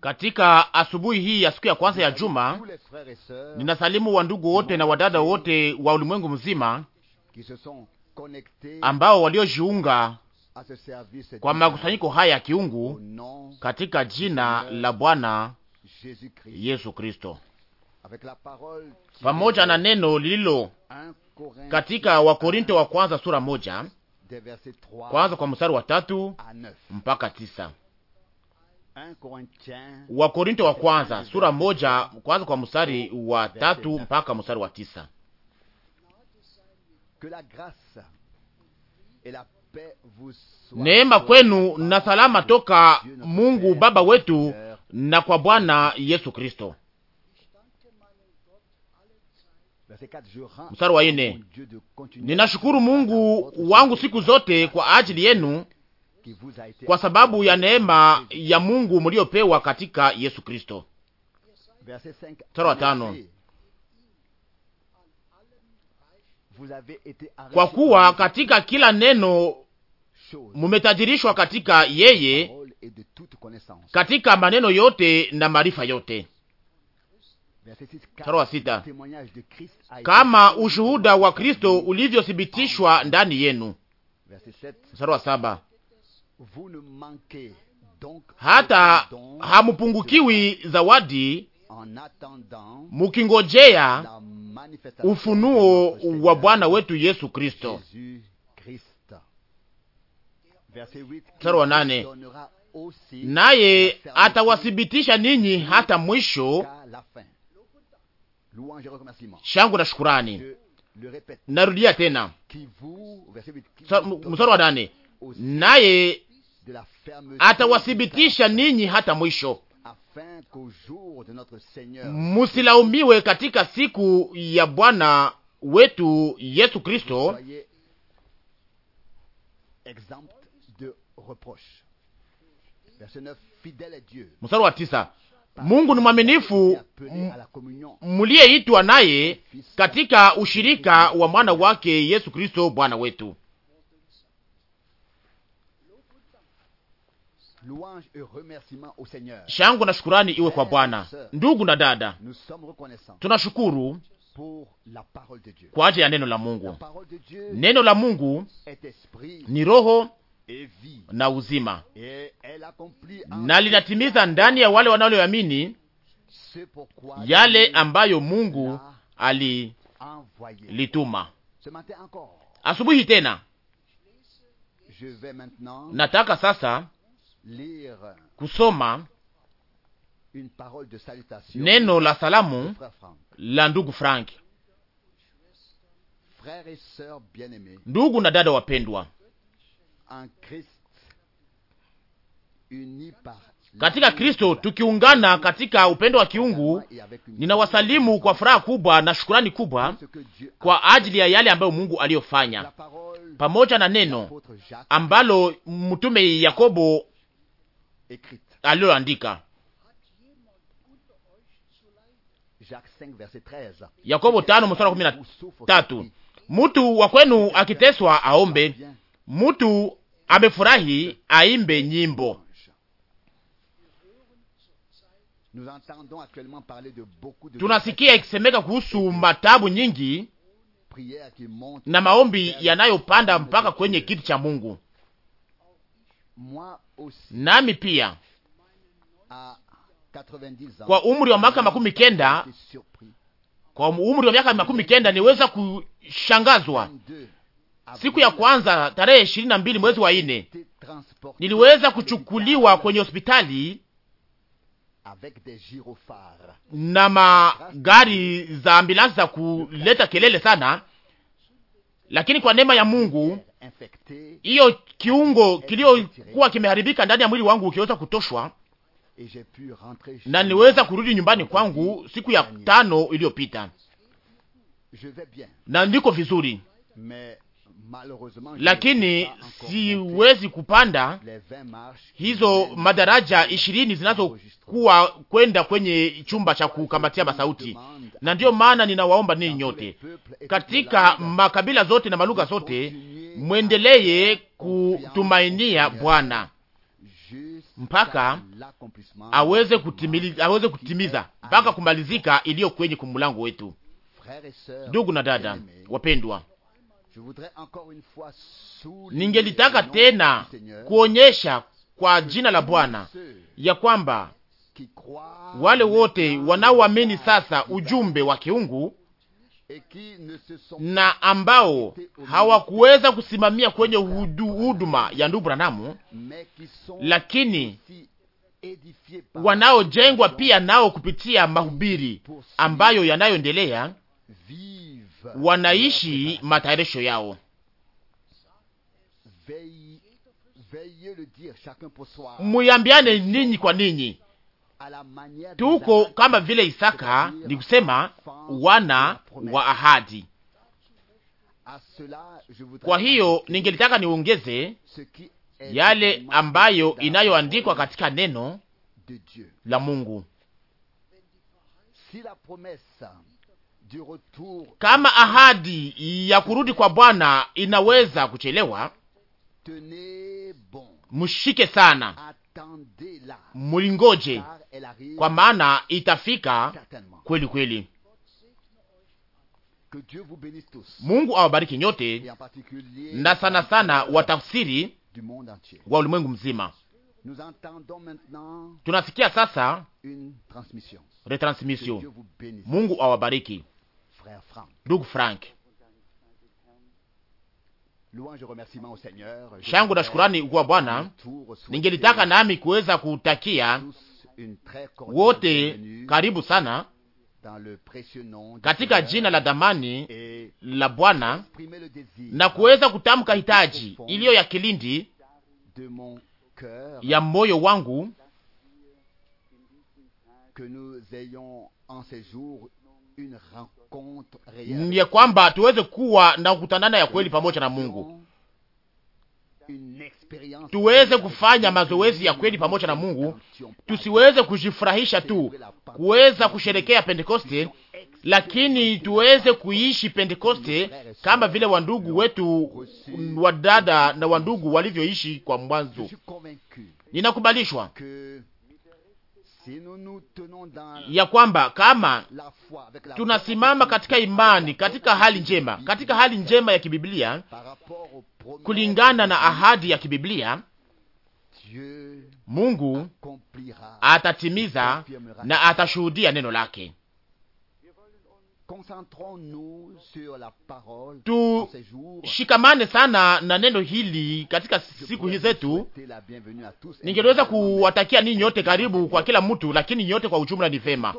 Katika asubuhi hii ya siku ya kwanza ya juma, ninasalimu wandugu wote na wadada wote wa ulimwengu mzima ambao waliojiunga kwa makusanyiko haya ya kiungu katika jina la Bwana Yesu Kristo, pamoja na neno lililo katika Wakorinto wa kwanza sura moja kwanza kwa mstari wa tatu mpaka tisa Wakorinto wa kwanza sura moja kwanza kwa mstari wa tatu mpaka mstari wa tisa Neema kwenu na salama toka Mungu Baba wetu na kwa Bwana Yesu Kristo. Mstari wa ine, ninashukuru Mungu wangu siku zote kwa ajili yenu kwa sababu ya neema ya Mungu mliopewa katika Yesu Kristo. Mstari wa tano, kwa kuwa katika kila neno mumetajirishwa katika yeye, katika maneno yote na maarifa yote. Sura sita. Kama ushuhuda wa Kristo ulivyothibitishwa ndani yenu. Sura saba. Hata hamupungukiwi zawadi mukingojea ufunuo wa Bwana wetu Yesu Kristo. Mstari wa nane, naye atawathibitisha ninyi hata mwisho shangwe na shukurani. Narudia tena mstari wa nane, naye atawathibitisha ninyi hata mwisho, musilaumiwe katika siku ya Bwana wetu Yesu Kristo, mstari wa tisa Mungu ni mwaminifu, mliyeitwa naye katika ushirika wa mwana wake Yesu Kristo Bwana wetu. shangu na shukurani iwe kwa Bwana. Ndugu na dada, tunashukuru kwa ajili ya neno la Mungu. Neno la Mungu ni roho na uzima, na linatimiza ndani ya wale wanaoamini yale ambayo Mungu alilituma. Asubuhi tena nataka sasa kusoma neno la salamu la ndugu Frank. Ndugu na dada wapendwa, katika Kristo tukiungana katika upendo wa kiungu. Ninawasalimu kwa furaha kubwa na shukurani kubwa kwa ajili ya yale ambayo Mungu aliyofanya, pamoja na neno ambalo mtume Yakobo aliloandika, Yakobo tano mstari wa kumi na tatu, mtu wa kwenu akiteswa aombe mtu amefurahi aimbe nyimbo. Tunasikia ikisemeka kuhusu matabu nyingi na maombi yanayopanda mpaka kwenye kiti cha Mungu. Nami pia kwa umri wa miaka makumi kenda kwa umri wa miaka makumi kenda niweza kushangazwa siku ya kwanza tarehe ishirini na mbili mwezi wa nne niliweza kuchukuliwa kwenye hospitali na magari za ambulansi za kuleta kelele sana, lakini kwa neema ya Mungu hiyo kiungo kiliokuwa kimeharibika ndani ya mwili wangu ukiweza kutoshwa na niweza kurudi nyumbani kwangu siku ya tano iliyopita, na ndiko vizuri, lakini siwezi kupanda hizo madaraja ishirini zinazokuwa kwenda kwenye chumba cha kukamatia masauti. Na ndiyo maana ninawaomba ninyi nyote katika makabila zote na malugha zote, mwendelee kutumainia Bwana mpaka aweze kutimiza, aweze kutimiza mpaka kumalizika iliyo kwenye kumulango wetu. Ndugu na dada wapendwa Ningelitaka tena kuonyesha kwa jina la Bwana ya kwamba wale wote wanaoamini sasa ujumbe wa kiungu na ambao hawakuweza kusimamia kwenye huduma ya ndugu Branamu, lakini wanaojengwa pia nao kupitia mahubiri ambayo yanayoendelea wanaishi matayarisho yao. Muyambiane ninyi kwa ninyi, tuko kama vile Isaka, ni kusema wana wa ahadi. Kwa hiyo ningelitaka niongeze yale ambayo inayoandikwa katika neno la Mungu. Kama ahadi ya kurudi kwa Bwana inaweza kuchelewa, mshike sana, mulingoje, kwa maana itafika kweli kweli. Mungu awabariki nyote, na sana sana watafsiri wa ulimwengu mzima. Tunasikia sasa retransmission. Mungu awabariki ndugu Frank, shangu na shukurani kwa Bwana. Ningelitaka nami kuweza kutakia wote karibu sana katika jina la damani la Bwana na kuweza kutamka hitaji iliyo ya kilindi ya moyo wangu ya kwamba tuweze kuwa na kukutanana ya kweli pamoja na Mungu, tuweze kufanya mazoezi ya kweli pamoja na Mungu, tusiweze kujifurahisha tu kuweza kusherekea Pentekoste, lakini tuweze kuishi Pentekoste kama vile wandugu wetu wadada na wandugu walivyoishi kwa mwanzo. Ninakubalishwa ya kwamba kama tunasimama katika imani, katika hali njema, katika hali njema ya kibiblia, kulingana na ahadi ya kibiblia, Mungu atatimiza na atashuhudia neno lake tushikamane sana na neno hili katika siku hizi zetu. Ningeliweza kuwatakia ninyi nyote karibu kwa kila mtu, lakini nyote kwa ujumla ni vema,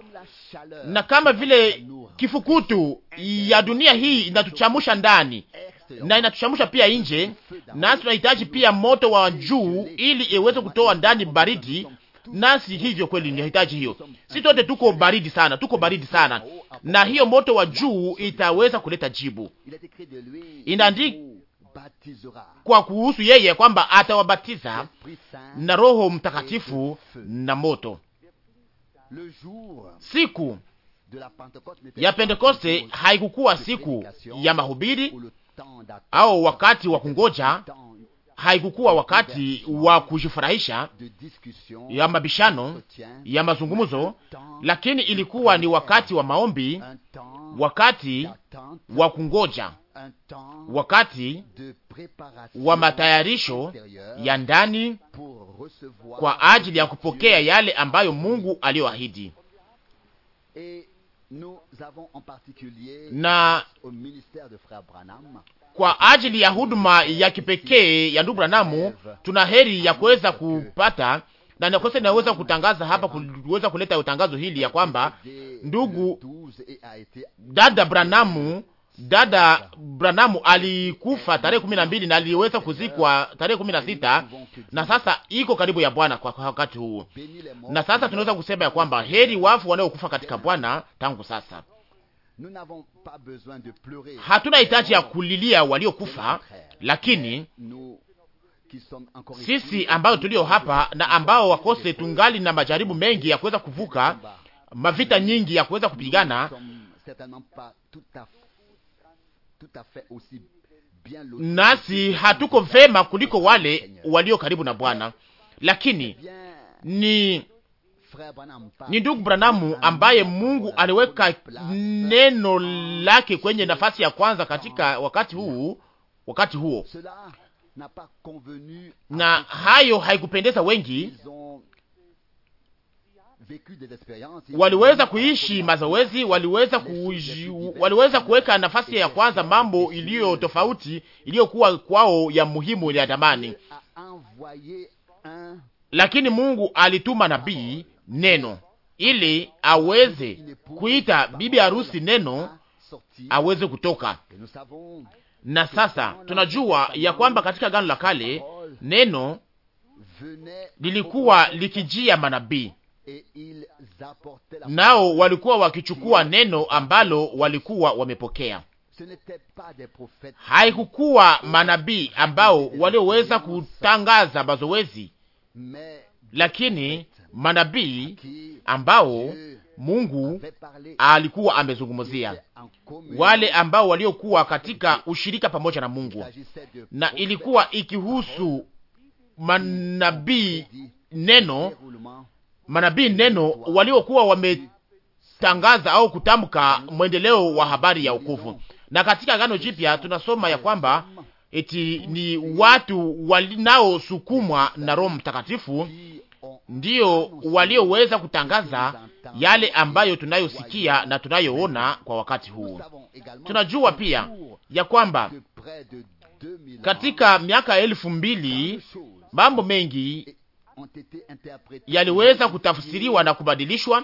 na kama vile kifukutu ya dunia hii inatuchamusha ndani na inatuchamusha pia nje, nasi tunahitaji pia moto wa juu ili iweze kutoa ndani baridi nasi hivyo kweli ninahitaji hiyo. Si tote tuko baridi sana, tuko baridi sana, na hiyo moto wa juu itaweza kuleta jibu. Inaandika kwa kuhusu yeye kwamba atawabatiza na Roho Mtakatifu na moto. Siku ya Pentekoste haikukuwa siku ya mahubiri au wakati wa kungoja haikukuwa wakati wa kujifurahisha ya mabishano ya mazungumzo, lakini ilikuwa ni wakati wa maombi, wakati wa kungoja, wakati wa matayarisho ya ndani kwa ajili ya kupokea yale ambayo Mungu aliyoahidi na kwa ajili ya huduma ya kipekee ya ndugu Branamu, tuna heri ya kuweza kupata na nakosa inaweza kutangaza hapa, kuweza kuleta utangazo hili ya kwamba ndugu dada Branamu, dada Branamu alikufa tarehe kumi na mbili na aliweza kuzikwa tarehe kumi na sita na sasa iko karibu ya Bwana kwa wakati huu, na sasa tunaweza kusema ya kwamba heri wafu wanaokufa katika Bwana tangu sasa. Hatuna hitaji ya kulilia waliokufa, lakini sisi ambayo tulio hapa na ambao wakose, tungali na majaribu mengi ya kuweza kuvuka, mavita nyingi ya kuweza kupigana nasi hatuko vema kuliko wale walio karibu na Bwana, lakini eh ni ni ndugu Branamu ambaye Mungu aliweka neno lake kwenye nafasi ya kwanza katika wakati huu, wakati huo, na hayo haikupendeza wengi. Waliweza kuishi mazoezi, waliweza kuji, waliweza kuweka nafasi ya kwanza mambo iliyo tofauti iliyokuwa kwao ya muhimu ya damani, lakini Mungu alituma nabii neno ili aweze kuita bibi harusi neno aweze kutoka. Na sasa tunajua ya kwamba katika gano la Kale neno lilikuwa likijia manabii, nao walikuwa wakichukua neno ambalo walikuwa wamepokea. Haikukuwa manabii ambao walioweza kutangaza mazoezi, lakini manabii ambao Mungu alikuwa amezungumzia, wale ambao waliokuwa katika ushirika pamoja na Mungu, na ilikuwa ikihusu manabii neno, manabii neno waliokuwa wametangaza au kutamka mwendeleo wa habari ya wokovu. Na katika Agano Jipya tunasoma ya kwamba eti ni watu walinaosukumwa na Roho Mtakatifu ndiyo walioweza kutangaza yale ambayo tunayosikia na tunayoona kwa wakati huu. Tunajua pia ya kwamba katika miaka elfu mbili mambo mengi yaliweza kutafsiriwa na kubadilishwa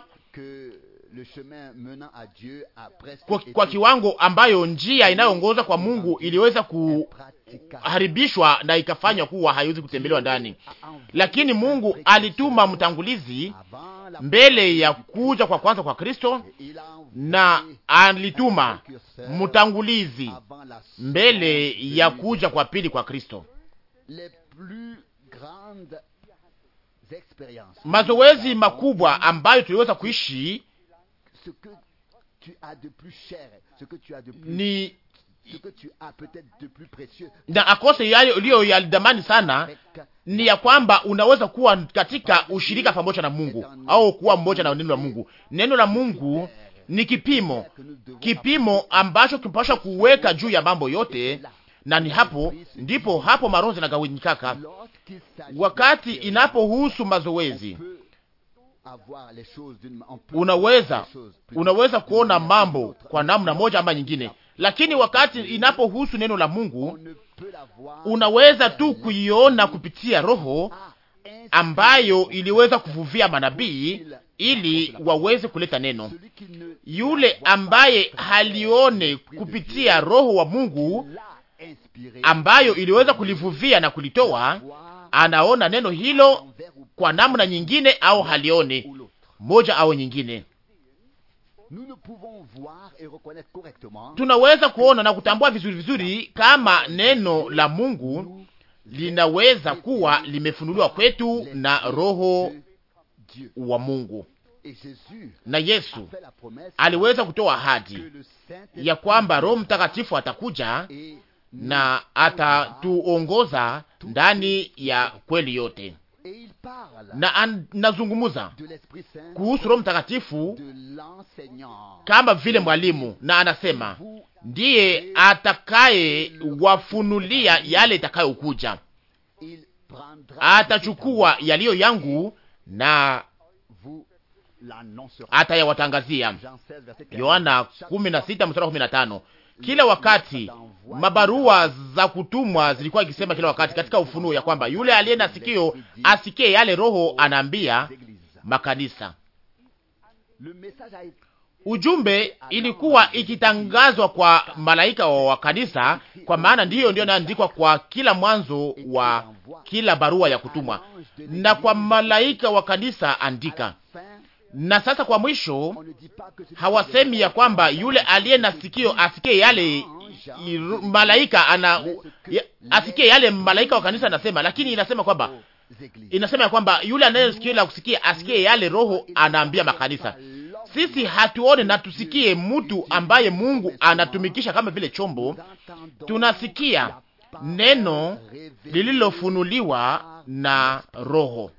kwa, kiwango ambayo njia inayoongoza kwa Mungu iliweza ku haribishwa na ikafanywa kuwa haiwezi kutembelewa ndani, lakini Mungu alituma mtangulizi mbele ya kuja kwa kwanza kwa Kristo, na alituma mtangulizi mbele ya kuja kwa pili kwa Kristo. Mazoezi makubwa ambayo tuliweza kuishi ni na akose yayo iliyo ya damani sana ni ya kwamba unaweza kuwa katika ushirika pamoja na Mungu au kuwa mmoja na neno la Mungu. Neno la Mungu ni kipimo, kipimo ambacho kipasha kuweka juu ya mambo yote, na ni hapo ndipo hapo maronzi na gawanyikaka, wakati inapohusu mazoezi unaweza unaweza kuona mambo kwa namna moja ama nyingine, lakini wakati inapohusu neno la Mungu unaweza tu kuiona kupitia Roho ah, ambayo iliweza kuvuvia manabii ili waweze kuleta neno. Yule ambaye halione kupitia Roho wa Mungu ambayo iliweza kulivuvia na kulitoa, anaona neno hilo kwa namna nyingine, au halione moja au nyingine tunaweza kuona na kutambua vizuri vizuri kama neno la Mungu linaweza kuwa limefunuliwa kwetu na Roho wa Mungu na Yesu aliweza kutoa ahadi ya kwamba Roho Mtakatifu atakuja na atatuongoza ndani ya kweli yote na anazungumuza kuhusu Roho Mtakatifu kama vile mwalimu, na anasema ndiye atakaye wafunulia yale itakayokuja. Atachukua yaliyo yangu na atayawatangazia. Yohana 16 mstari 15 kila wakati mabarua za kutumwa zilikuwa ikisema kila wakati katika ufunuo ya kwamba yule aliye na sikio asikie yale Roho anaambia makanisa. Ujumbe ilikuwa ikitangazwa kwa malaika wa kanisa, kwa maana ndiyo ndiyo inaandikwa kwa kila mwanzo wa kila barua ya kutumwa, na kwa malaika wa kanisa andika na sasa kwa mwisho, hawasemi ya kwamba yule aliye na sikio asikie yale malaika ana asikie yale malaika wa kanisa anasema, lakini inasema kwamba inasema ya kwamba yule anaye sikio la kusikia asikie yale Roho anaambia makanisa. Sisi hatuone na tusikie mtu ambaye Mungu anatumikisha kama vile chombo, tunasikia neno lililofunuliwa na Roho,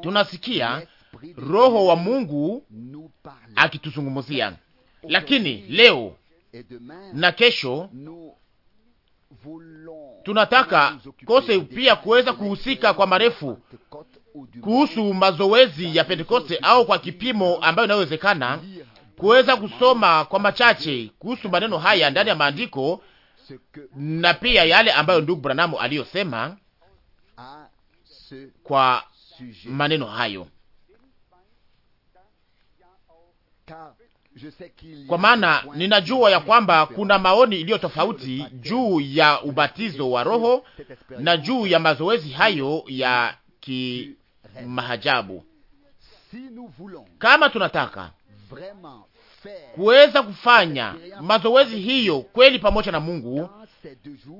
tunasikia Roho wa Mungu akituzungumzia. Lakini leo na kesho tunataka kose pia kuweza kuhusika kwa marefu kuhusu mazoezi ya Pentekoste au kwa kipimo ambayo inayowezekana kuweza kusoma kwa machache kuhusu maneno haya ndani ya maandiko na pia yale ambayo ndugu Branamu aliyosema kwa maneno hayo. kwa maana ninajua ya kwamba kuna maoni iliyo tofauti juu ya ubatizo wa Roho na juu ya mazoezi hayo ya kimahajabu. Kama tunataka kuweza kufanya mazoezi hiyo kweli pamoja na Mungu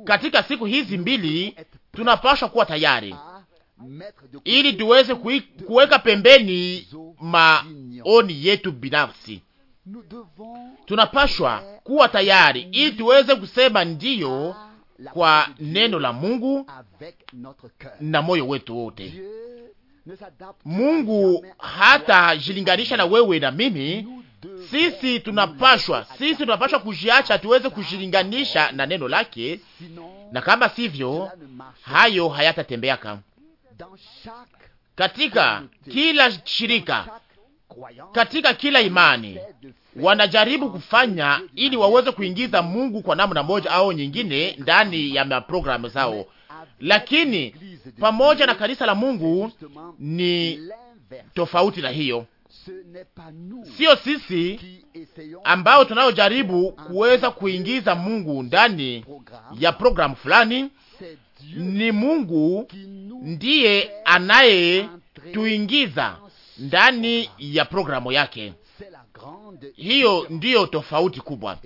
katika siku hizi mbili, tunapaswa kuwa tayari ili tuweze kuweka pembeni maoni yetu binafsi. Tunapashwa kuwa tayari ili tuweze kusema ndiyo kwa neno la Mungu na moyo wetu wote. Mungu hata jilinganisha na wewe na mimi. Sisi tunapashwa sisi tunapashwa kujiacha tuweze kujilinganisha na neno lake, na kama sivyo, hayo hayatatembeaka katika kila shirika, katika kila imani wanajaribu kufanya ili waweze kuingiza Mungu kwa namna moja au nyingine ndani ya maprogramu zao, lakini pamoja na kanisa la Mungu ni tofauti na hiyo. Sio sisi ambao tunaojaribu kuweza kuingiza Mungu ndani ya programu fulani ni Mungu ndiye anayetuingiza ndani ya programu yake. Hiyo ndiyo tofauti kubwa,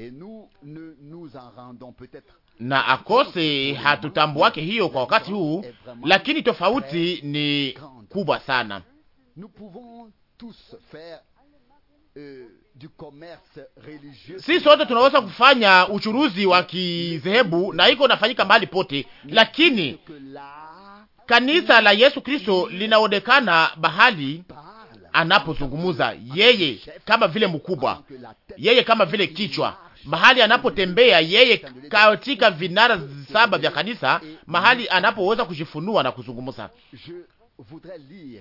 na akose hatutambuake hiyo kwa wakati huu, lakini tofauti ni kubwa sana si sote tunaweza kufanya uchuruzi wa kizehebu na iko nafanyika mahali pote, lakini kanisa la Yesu Kristo linaonekana bahali anapozungumuza yeye kama vile mkubwa, yeye kama vile kichwa, mahali anapotembea yeye katika vinara saba vya kanisa, mahali anapoweza kujifunua na kuzungumuza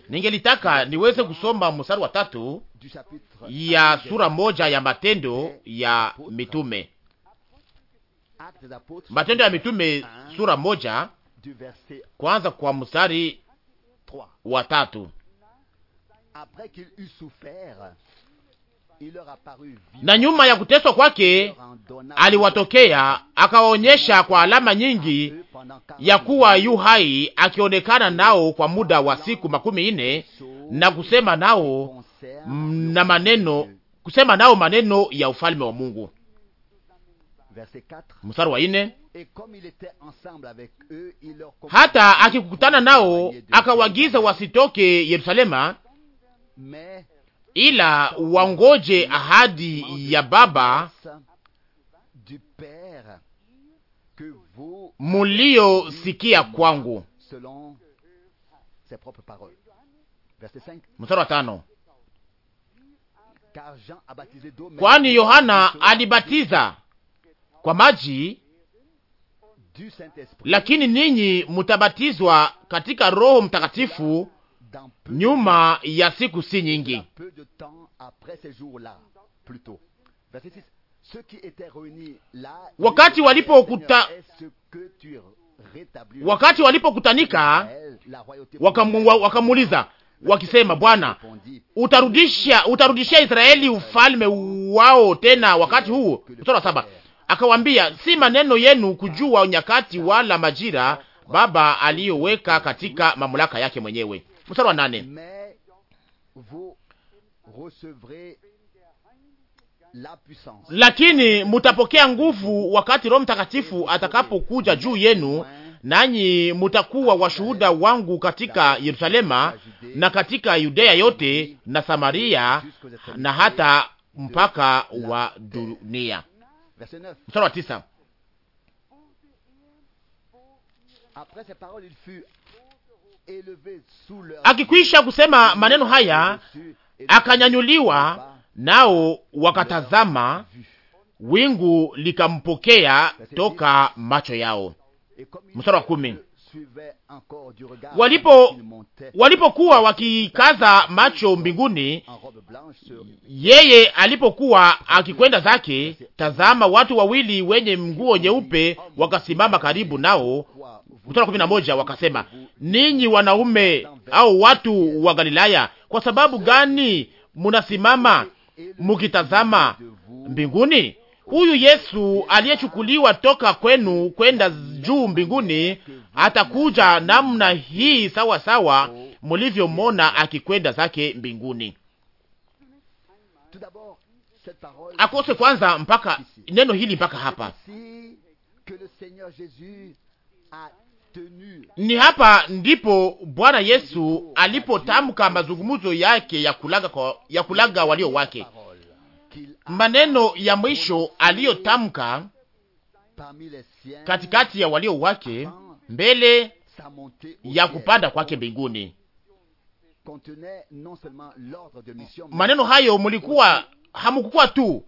ningelitaka niweze kusoma mstari wa tatu ya sura moja ya Matendo ya Mitume, Matendo ya Mitume sura moja kwanza kwa mstari wa tatu na nyuma ya kuteswa kwake aliwatokea akawaonyesha kwa alama nyingi ya kuwa yu hai, akionekana nao kwa muda wa siku makumi nne na kusema nao na maneno kusema nao maneno ya ufalme wa Mungu. Mstari wa nne, hata akikutana nao akawagiza wasitoke Yerusalema, ila wangoje ahadi ya Baba muliyosikia kwangu. Kwani Yohana alibatiza kwa maji, lakini ninyi mutabatizwa katika Roho Mtakatifu nyuma ya siku si nyingi, wakati walipokuta wakati walipokutanika wakamuuliza wakisema, Bwana, utarudisha utarudishia Israeli ufalme wao tena wakati huo? Mstari wa saba akawambia, si maneno yenu kujua nyakati wala majira Baba aliyoweka katika mamlaka yake mwenyewe, mstari wa nane lakini mutapokea nguvu wakati Roho Mtakatifu atakapokuja juu yenu, nanyi mutakuwa washuhuda wangu katika Yerusalema na katika Yudea yote na Samaria na hata mpaka wa dunia. Mstari wa tisa. Akikwisha kusema maneno haya, akanyanyuliwa, nao wakatazama, wingu likampokea toka macho yao. Mstari wa kumi. Walipo walipokuwa wakikaza macho mbinguni, yeye alipokuwa akikwenda zake, tazama, watu wawili wenye nguo nyeupe oh wakasimama karibu nao, mstari kumi na moja wakasema, ninyi wanaume au watu wa Galilaya, kwa sababu gani munasimama mukitazama mbinguni? Huyu Yesu aliyechukuliwa toka kwenu kwenda juu mbinguni atakuja namna hii sawa sawa mulivyomona akikwenda zake mbinguni. Akose kwanza mpaka neno hili mpaka hapa ni hapa ndipo Bwana Yesu alipotamka mazungumzo yake ya kulaga, kwa, ya kulaga walio wake, maneno ya mwisho aliyotamka katikati ya walio wake mbele ya kupanda kwake mbinguni. Maneno hayo mulikuwa hamukukuwa tu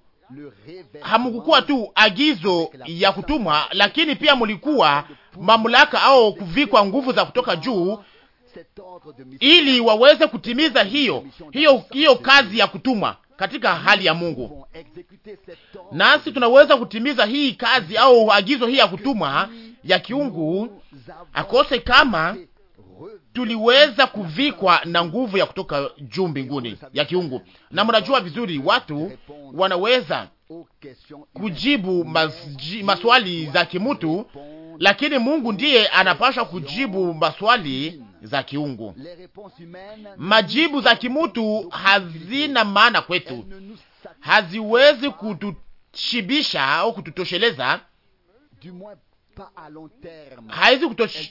hamukukuwa tu agizo ya kutumwa, lakini pia mulikuwa mamlaka au kuvikwa nguvu za kutoka juu, ili waweze kutimiza hiyo hiyo hiyo kazi ya kutumwa katika hali ya Mungu. Nasi tunaweza kutimiza hii kazi au agizo hii ya kutumwa ya kiungu akose kama tuliweza kuvikwa na nguvu ya kutoka juu mbinguni ya kiungu, na mnajua vizuri watu wanaweza kujibu maswali za kimutu, lakini Mungu ndiye anapasha kujibu maswali za kiungu. Majibu za kimutu hazina maana kwetu, haziwezi kutushibisha au kututosheleza haizi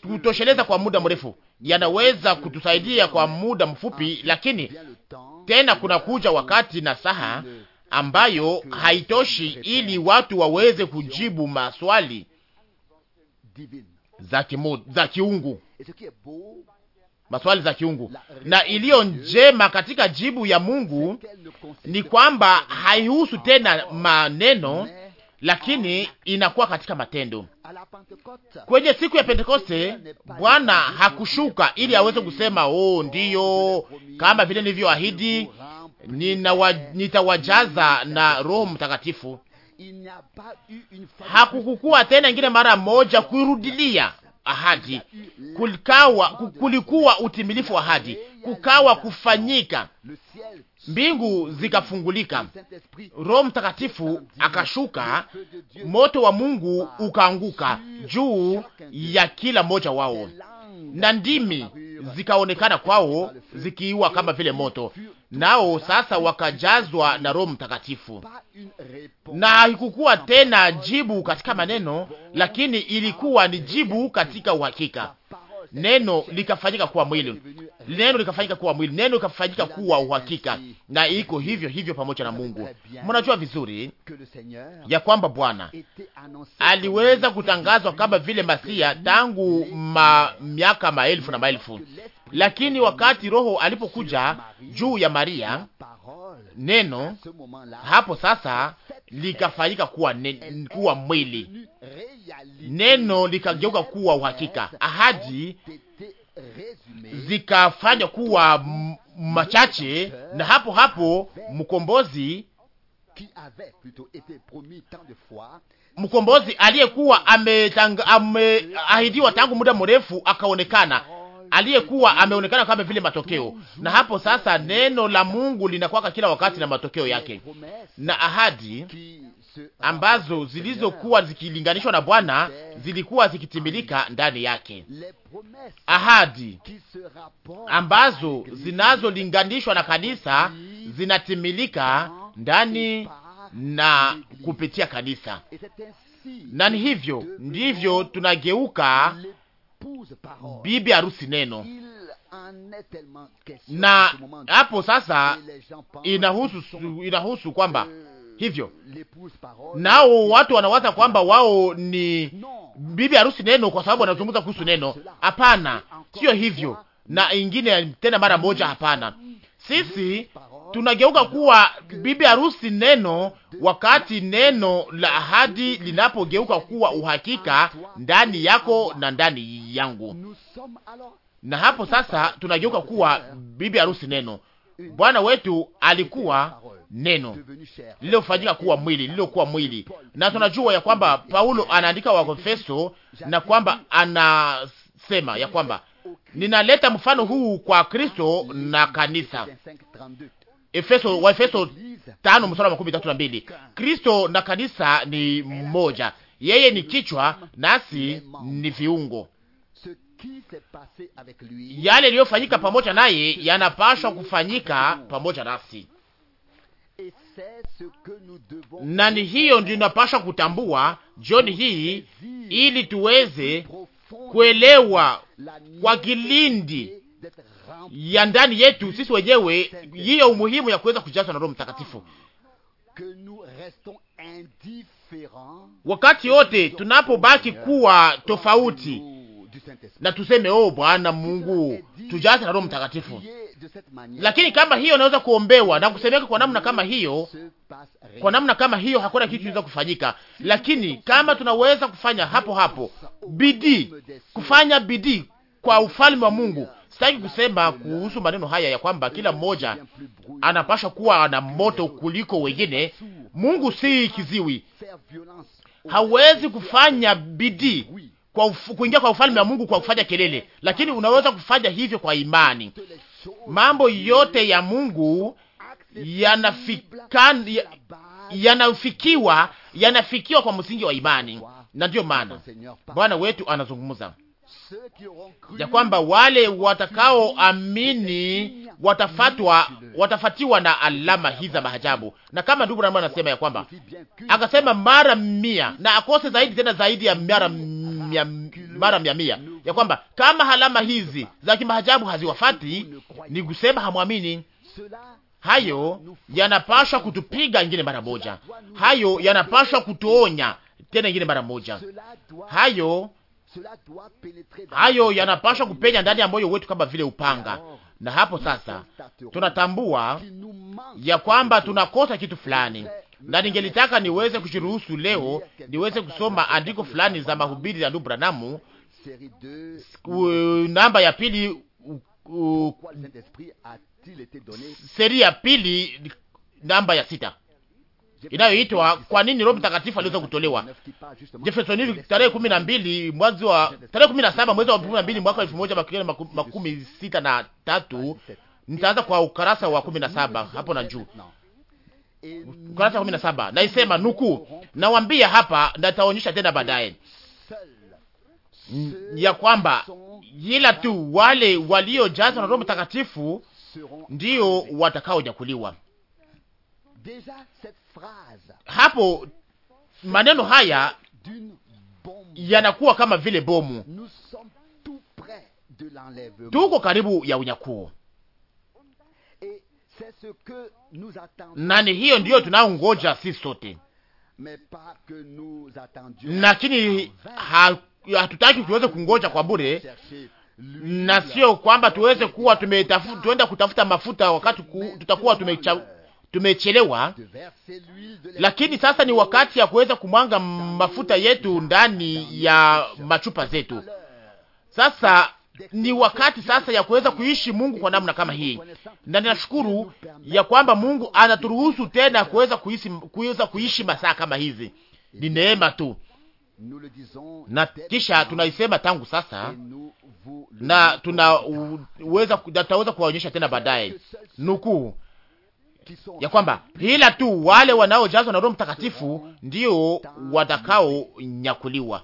kutosheleza kwa muda mrefu, yanaweza kutusaidia kwa muda mfupi, lakini tena kuna kuja wakati na saha ambayo haitoshi ili watu waweze kujibu maswali za kimu, za kiungu maswali za kiungu. Na iliyo njema katika jibu ya Mungu ni kwamba haihusu tena maneno lakini inakuwa katika matendo. Kwenye siku ya Pentekoste Bwana hakushuka ili aweze kusema oh, ndiyo kama vile nilivyoahidi wa, nitawajaza na Roho Mtakatifu. Hakukukuwa tena ingine mara moja kuirudilia ahadi, kulikawa kulikuwa utimilifu wa ahadi, kukawa kufanyika mbingu zikafungulika, Roho Mtakatifu akashuka, moto wa Mungu ukaanguka juu ya kila mmoja wao, na ndimi zikaonekana kwao zikiiwa kama vile moto, nao sasa wakajazwa na Roho Mtakatifu. Na haikukuwa tena jibu katika maneno, lakini ilikuwa ni jibu katika uhakika neno likafanyika kuwa mwili, neno likafanyika kuwa mwili, neno likafanyika kuwa uhakika, na iko hivyo hivyo pamoja na Mungu. Mnajua vizuri ya kwamba Bwana aliweza kutangazwa kama vile Masia tangu ma miaka maelfu na maelfu, lakini wakati Roho alipokuja juu ya Maria neno hapo sasa likafanyika kuwa, nen, kuwa mwili. Neno likageuka kuwa uhakika, ahadi zikafanywa kuwa machache, na hapo hapo mkombozi mkombozi aliyekuwa ameahidiwa tangu muda mrefu akaonekana aliyekuwa ameonekana kama vile matokeo, na hapo sasa neno la Mungu linakuwa kila wakati na matokeo yake na ahadi ambazo zilizokuwa zikilinganishwa na Bwana zilikuwa zikitimilika ndani yake. Ahadi ambazo zinazolinganishwa na kanisa zinatimilika ndani na kupitia kanisa, na ni hivyo ndivyo tunageuka bibi harusi neno, na hapo sasa inahusu, inahusu kwamba hivyo nao watu wanawaza kwamba wao ni bibi harusi neno, kwa sababu wanazungumza kuhusu neno. Hapana, sio hivyo, na ingine tena mara moja. Hapana, sisi tunageuka kuwa bibi harusi neno, wakati neno la ahadi linapogeuka kuwa uhakika ndani yako na ndani yangu, na hapo sasa tunageuka kuwa bibi harusi neno. Bwana wetu alikuwa neno lililofanyika kuwa mwili, lililokuwa mwili, na tunajua ya kwamba Paulo anaandika Waefeso na kwamba anasema ya kwamba ninaleta mfano huu kwa Kristo na kanisa Efeso, tano mstari wa makumi tatu na mbili. Kristo na kanisa ni mmoja, yeye ni kichwa nasi ni viungo. Yale yaliyofanyika pamoja naye yanapashwa kufanyika pamoja nasi, na ni hiyo ndio inapashwa kutambua jioni hii, ili tuweze kuelewa kwa kilindi ya ndani yetu sisi wenyewe, hiyo umuhimu ya kuweza kujazwa na Roho Mtakatifu wakati yote tunapobaki kuwa tofauti na tuseme oh, Bwana Mungu tujaze na Roho Mtakatifu. Lakini kama hiyo naweza kuombewa na kusemeka kwa namna kama hiyo, kwa namna kama hiyo, hakuna kitu kinaweza kufanyika. Lakini kama tunaweza kufanya hapo hapo bidii, kufanya bidii kwa ufalme wa Mungu Sitaki kusema kuhusu maneno haya ya kwamba kila mmoja anapasha kuwa na moto kuliko wengine. Mungu si kiziwi, hawezi kufanya bidii kwa kuingia kwa ufalme wa Mungu kwa kufanya kelele, lakini unaweza kufanya hivyo kwa imani. Mambo yote ya Mungu yanafikan yanafikiwa yanafikiwa kwa msingi wa imani, na ndiyo maana Bwana wetu anazungumza ya kwamba wale watakaoamini watafatwa watafatiwa na alama hizi za maajabu. Na kama ndugu Branham anasema ya kwamba akasema mara mia na akose zaidi tena zaidi ya mara mia, mara mia mia ya kwamba kama alama hizi za kimaajabu haziwafati ni kusema hamwamini. Hayo yanapashwa kutupiga ingine mara moja, hayo yanapashwa kutuonya tena ingine mara moja, hayo hayo yanapashwa kupenya ndani ya moyo wetu kama vile upanga. Na hapo sasa tunatambua ya kwamba tunakosa kitu fulani, na ningelitaka niweze kujiruhusu leo niweze kusoma andiko fulani za mahubiri ya ndugu Branamu, namba ya pili seri ya pili namba ya sita inayoitwa kwa nini Roho Mtakatifu aliweza kutolewa. Jeffersoni tarehe kumi na mbili mwezi wa tarehe kumi na saba mwezi wa kumi na mbili mwaka elfu moja makumi sita na tatu. Nitaanza kwa ukarasa wa kumi na saba hapo na juu ukarasa wa kumi na saba naisema nuku, nawambia hapa, nataonyesha tena baadaye ya kwamba ila tu wale waliojazwa na Roho Mtakatifu ndio watakaonyakuliwa hapo maneno haya yanakuwa kama vile bomu. Tuko karibu ya unyakuo, na ni hiyo ndiyo tunaongoja sisi sote, lakini hatutaki tuweze kungoja kwa bure, na sio kwamba tuweze kuwa tumetafuta, tuenda kutafuta mafuta wakati ku, tutakuwa tumecha tumechelewa, lakini sasa ni wakati ya kuweza kumwanga mafuta yetu ndani ya machupa zetu. Sasa ni wakati sasa ya kuweza kuishi Mungu kwa namna kama hii, na ninashukuru ya kwamba Mungu anaturuhusu tena kuweza kuishi, kuweza kuishi masaa kama hizi. Ni neema tu, na kisha tunaisema tangu sasa na tunaweza tutaweza kuwaonyesha tena baadaye nukuu ya kwamba ila tu wale wanaojazwa na Roho Mtakatifu ndio watakaonyakuliwa.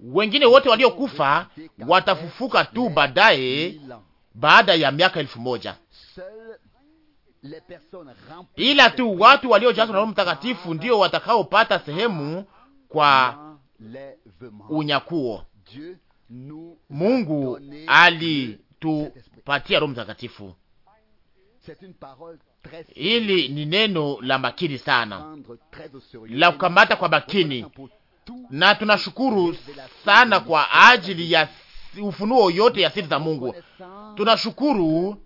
Wengine wote waliokufa watafufuka tu baadaye, baada ya miaka elfu moja. Ila tu watu waliojazwa na Roho Mtakatifu ndio watakaopata sehemu kwa unyakuo. Mungu alitupatia Roho Mtakatifu. Hili ni neno la makini sana, la kukamata kwa makini, na tunashukuru sana kwa ajili ya ufunuo yote ya siri za Mungu. Tunashukuru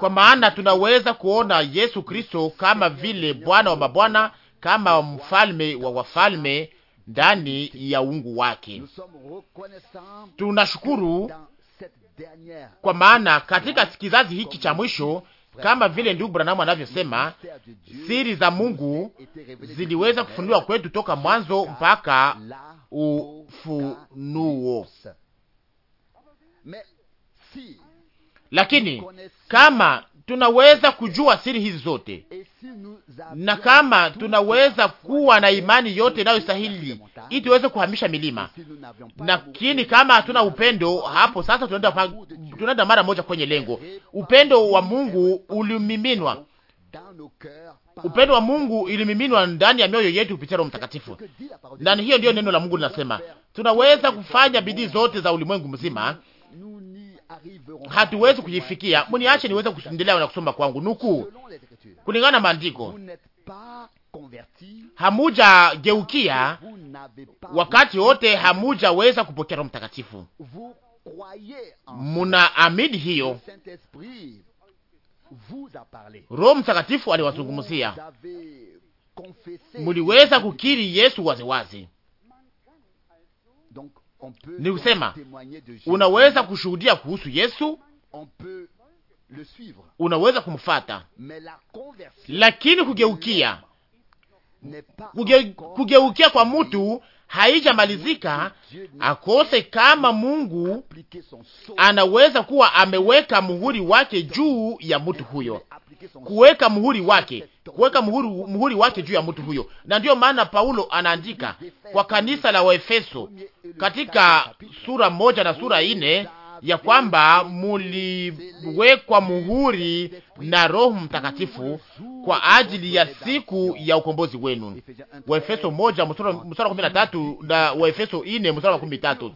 kwa maana tunaweza kuona Yesu Kristo kama vile Bwana wa mabwana, kama mfalme wa wafalme ndani ya uungu wake. Tunashukuru kwa maana katika kizazi hiki cha mwisho, kama vile ndugu Branamu anavyosema, siri za Mungu ziliweza kufunuliwa kwetu toka mwanzo mpaka Ufunuo. Lakini kama tunaweza kujua siri hizi zote, na kama tunaweza kuwa na imani yote inayostahili ili tuweze kuhamisha milima, lakini kama hatuna upendo, hapo sasa tunaenda mara moja kwenye lengo. Upendo wa Mungu ulimiminwa, upendo wa Mungu ilimiminwa ndani ya mioyo yetu kupitia Roho Mtakatifu, na hiyo ndiyo neno la Mungu linasema. Tunaweza kufanya bidii zote za ulimwengu mzima hatuwezi kujifikia. Mniache niweze kuendelea na kusoma kwangu, nuku kulingana na maandiko hamujageukia wakati wote, hamujaweza kupokea Roho Mtakatifu. Munaamini hiyo? Roho Mtakatifu aliwazungumzia, muliweza kukiri Yesu waziwazi wazi ni kusema unaweza kushuhudia kuhusu Yesu, unaweza kumfata, lakini kugeukia kugeukia kwa mtu haijamalizika, akose kama Mungu anaweza kuwa ameweka muhuri wake juu ya mtu huyo, kuweka muhuri wake, kuweka muhuri, muhuri wake juu ya mtu huyo. Na ndiyo maana Paulo anaandika kwa kanisa la Waefeso katika sura moja na sura ine ya kwamba muliwekwa muhuri na Roho Mtakatifu kwa ajili ya siku ya ukombozi wenu. Waefeso moja mstari kumi na tatu na Waefeso ine mstari wa kumi na tatu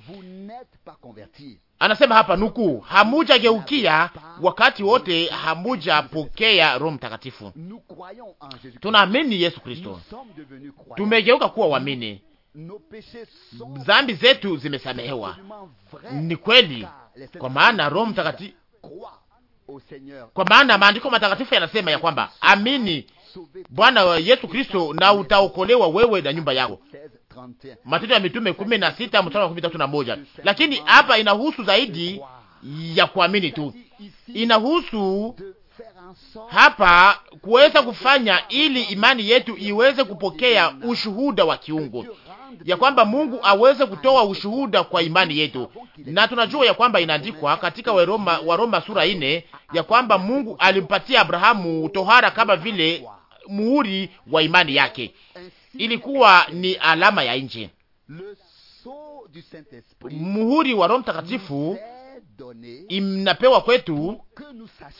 anasema hapa nuku, hamujageukia wakati wote, hamujapokea Roho Mtakatifu. Tunaamini Yesu Kristo, tumegeuka kuwa waamini, dhambi zetu zimesamehewa. Ni kweli kwa maana Roho Mtakatifu, kwa maana maandiko matakatifu yanasema ya kwamba amini Bwana Yesu Kristo na utaokolewa wewe na nyumba yako. Matendo ya Mitume kumi na sita mstari wa kumi tatu na moja. Lakini hapa inahusu zaidi ya kuamini tu, inahusu hapa kuweza kufanya ili imani yetu iweze kupokea ushuhuda wa kiungu, ya kwamba Mungu aweze kutoa ushuhuda kwa imani yetu, na tunajua ya kwamba inaandikwa katika Waroma, Waroma sura ine ya kwamba Mungu alimpatia Abrahamu tohara kama vile muhuri wa imani yake, ilikuwa ni alama ya nje. Muhuri wa Roho Mtakatifu imnapewa kwetu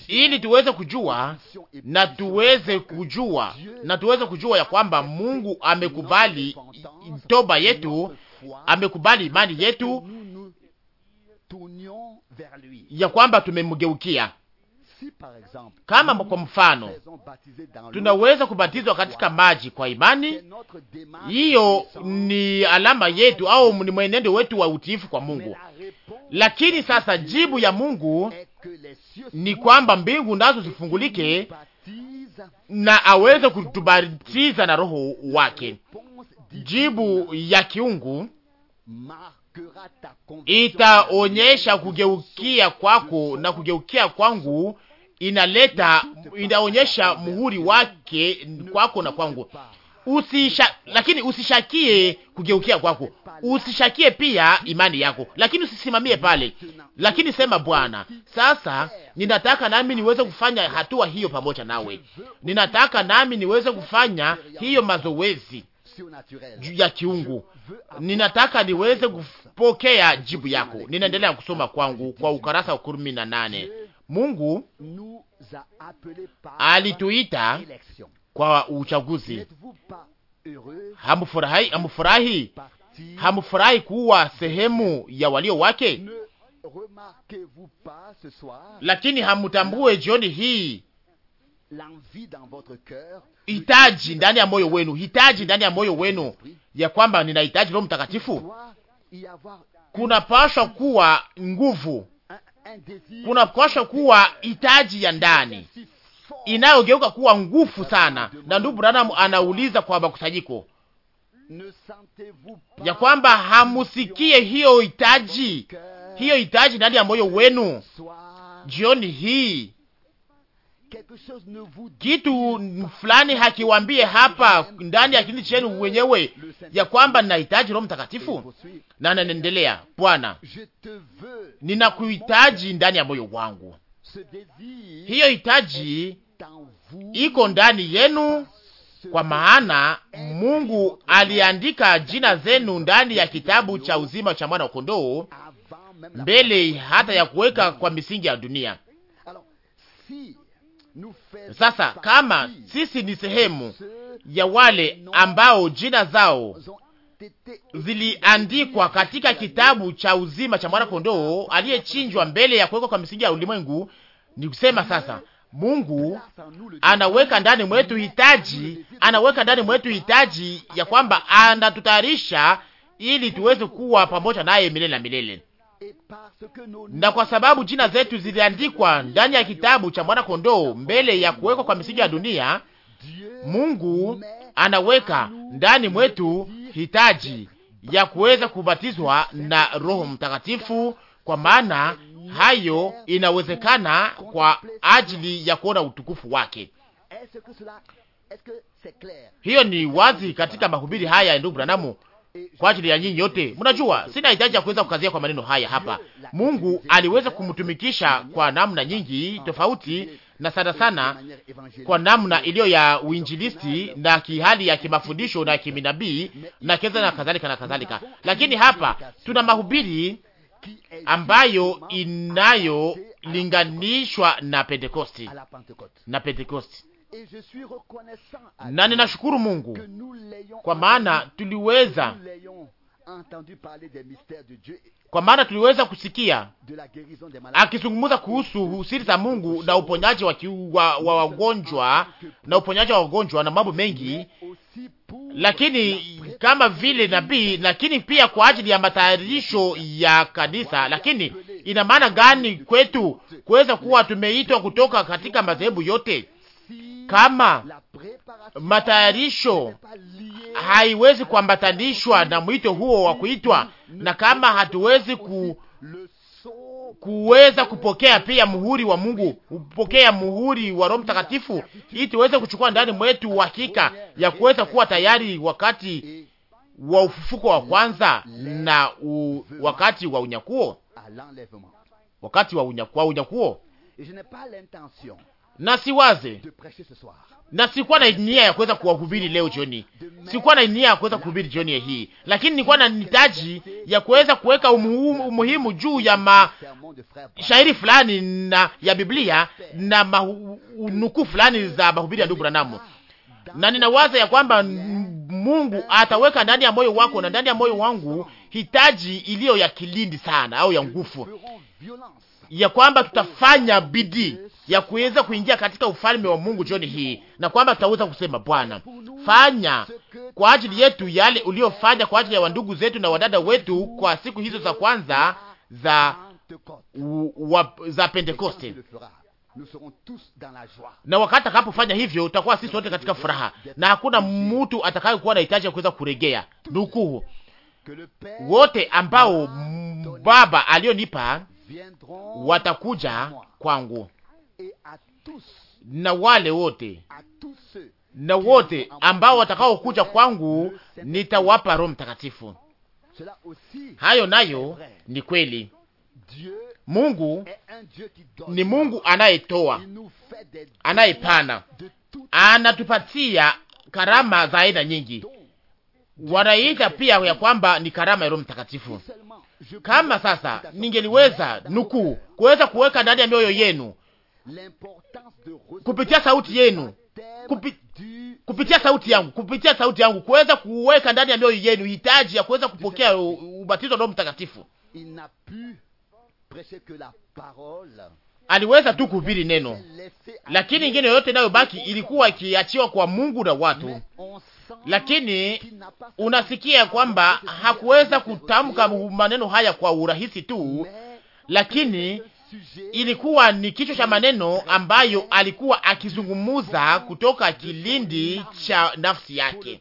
ili tuweze kujua na tuweze kujua na tuweze kujua ya kwamba Mungu amekubali toba yetu, amekubali imani yetu, ya kwamba tumemgeukia kama kwa mfano tunaweza kubatizwa katika maji kwa imani, hiyo ni alama yetu au ni mwenendo wetu wa utiifu kwa Mungu. Lakini sasa jibu ya Mungu ni kwamba mbingu nazo zifungulike na aweze kutubatiza na Roho wake. Jibu ya kiungu itaonyesha kugeukia kwako na kugeukia kwangu inaleta inaonyesha muhuri wake kwako na kwangu. Usisha, lakini usishakie kugeukia kwako, usishakie pia imani yako, lakini usisimamie pale, lakini sema Bwana, sasa ninataka nami niweze kufanya hatua hiyo pamoja nawe, ninataka nami niweze kufanya hiyo mazoezi ya kiungu, ninataka niweze kupokea jibu yako. Ninaendelea kusoma kwangu kwa ukarasa wa kumi na nane. Mungu alituita kwa uchaguzi. Hamufurahi, hamufurahi, hamufurahi kuwa sehemu ya walio wake? Lakini hamutambue jioni hii hitaji ndani ya moyo wenu, hitaji ndani ya moyo wenu ya kwamba ninahitaji Roho Mtakatifu. kuna pashwa kuwa nguvu kunapasha kuwa hitaji ya ndani inayogeuka kuwa nguvu sana. Na ndugu Branham anauliza kwa makusanyiko ya kwamba hamusikie hiyo hitaji, hiyo hitaji ndani ya moyo wenu jioni hii kitu fulani hakiwambie hapa ndani ya kindi chenu wenyewe ya kwamba ninahitaji Roho Mtakatifu, na nanaendelea, Bwana, ninakuhitaji ndani ya moyo wangu. Hiyo hitaji iko ndani yenu, kwa maana Mungu aliandika jina zenu ndani ya kitabu cha uzima cha mwana wa kondoo mbele hata ya kuweka kwa misingi ya dunia. Sasa kama sisi ni sehemu ya wale ambao jina zao ziliandikwa katika kitabu cha uzima cha mwana kondoo aliyechinjwa mbele ya kuwekwa kwa misingi ya ulimwengu, ni kusema sasa Mungu anaweka ndani mwetu hitaji, anaweka ndani mwetu hitaji ya kwamba anatutayarisha ili tuweze kuwa pamoja naye milele na milele na kwa sababu jina zetu ziliandikwa ndani ya kitabu cha mwana kondoo mbele ya kuwekwa kwa misingi ya dunia, Mungu anaweka ndani mwetu hitaji ya kuweza kubatizwa na Roho Mtakatifu, kwa maana hayo inawezekana kwa ajili ya kuona utukufu wake. Hiyo ni wazi katika mahubiri haya ya ndugu Branamu, kwa ajili ya nyinyi nyote. Mnajua sina hitaji ya kuweza kukazia kwa maneno haya hapa. Mungu aliweza kumtumikisha kwa namna nyingi tofauti, na sana sana kwa namna iliyo ya uinjilisti na kihali ya kimafundisho na kiminabii na kiweza na kadhalika na kadhalika, lakini hapa tuna mahubiri ambayo inayolinganishwa na Pentekosti na Pentekosti na ninashukuru Mungu kwa maana tuliweza kwa maana tuliweza kusikia akizungumza kuhusu siri za Mungu na uponyaji wa wagonjwa na uponyaji wa wagonjwa na mambo mengi, lakini kama vile nabii, lakini pia kwa ajili ya matayarisho ya kanisa. Lakini ina maana gani kwetu kuweza kuwa tumeitwa kutoka katika madhehebu yote kama matayarisho haiwezi kuambatanishwa na mwito huo wa kuitwa, na kama hatuwezi ku kuweza kupokea pia muhuri wa Mungu, kupokea muhuri wa Roho Mtakatifu, ili tuweze kuchukua ndani mwetu uhakika ya kuweza kuwa tayari wakati wa ufufuko wa kwanza na u, wakati wa unyakuo, wakati wa unyakuo, wa unyakuo na siwaze, na sikuwa na nia ya kuweza kuwahubiri leo jioni, sikuwa na nia ya kuweza kuhubiri jioni hii, lakini nilikuwa na hitaji ya kuweza kuweka umuhimu, umuhimu juu ya mashairi fulani na ya Biblia na nukuu fulani za mahubiri ya ndugu Branamu, na ninawaza ya kwamba Mungu ataweka ndani ya moyo wako na ndani ya moyo wangu hitaji iliyo ya kilindi sana au ya nguvu ya kwamba tutafanya bidii ya kuweza kuingia katika ufalme wa Mungu jioni hii, na kwamba tutaweza kusema Bwana, fanya kwa ajili yetu yale uliyofanya kwa ajili ya wandugu zetu na wadada wetu kwa siku hizo za kwanza za u, wa, za Pentekoste na wakati akapofanya hivyo, utakuwa sisi wote katika furaha na hakuna mtu atakayekuwa na hitaji ya kuweza kuregea. Nukuu wote ambao Baba aliyonipa watakuja kwangu na wale wote na wote ambao watakaokuja kwangu nitawapa Roho Mtakatifu. Hayo nayo ni kweli. Mungu ni Mungu anayetoa, anayepana, anatupatia karama za aina nyingi. Wanaita pia ya kwamba ni karama ya Roho Mtakatifu. Kama sasa ningeliweza nukuu kuweza kuweka ndani ya mioyo yenu kupitia sauti yenu Kupi, kupitia sauti yangu kupitia sauti yangu kuweza kuweka ndani ya mioyo yenu hitaji ya kuweza kupokea ubatizo wa Roho Mtakatifu. Aliweza tu kuhubiri neno, lakini ingine yote inayobaki ilikuwa ikiachiwa kwa Mungu na watu. Lakini unasikia kwamba hakuweza kutamka maneno haya kwa urahisi tu, lakini ilikuwa ni kichwa cha maneno ambayo alikuwa akizungumuza kutoka kilindi cha nafsi yake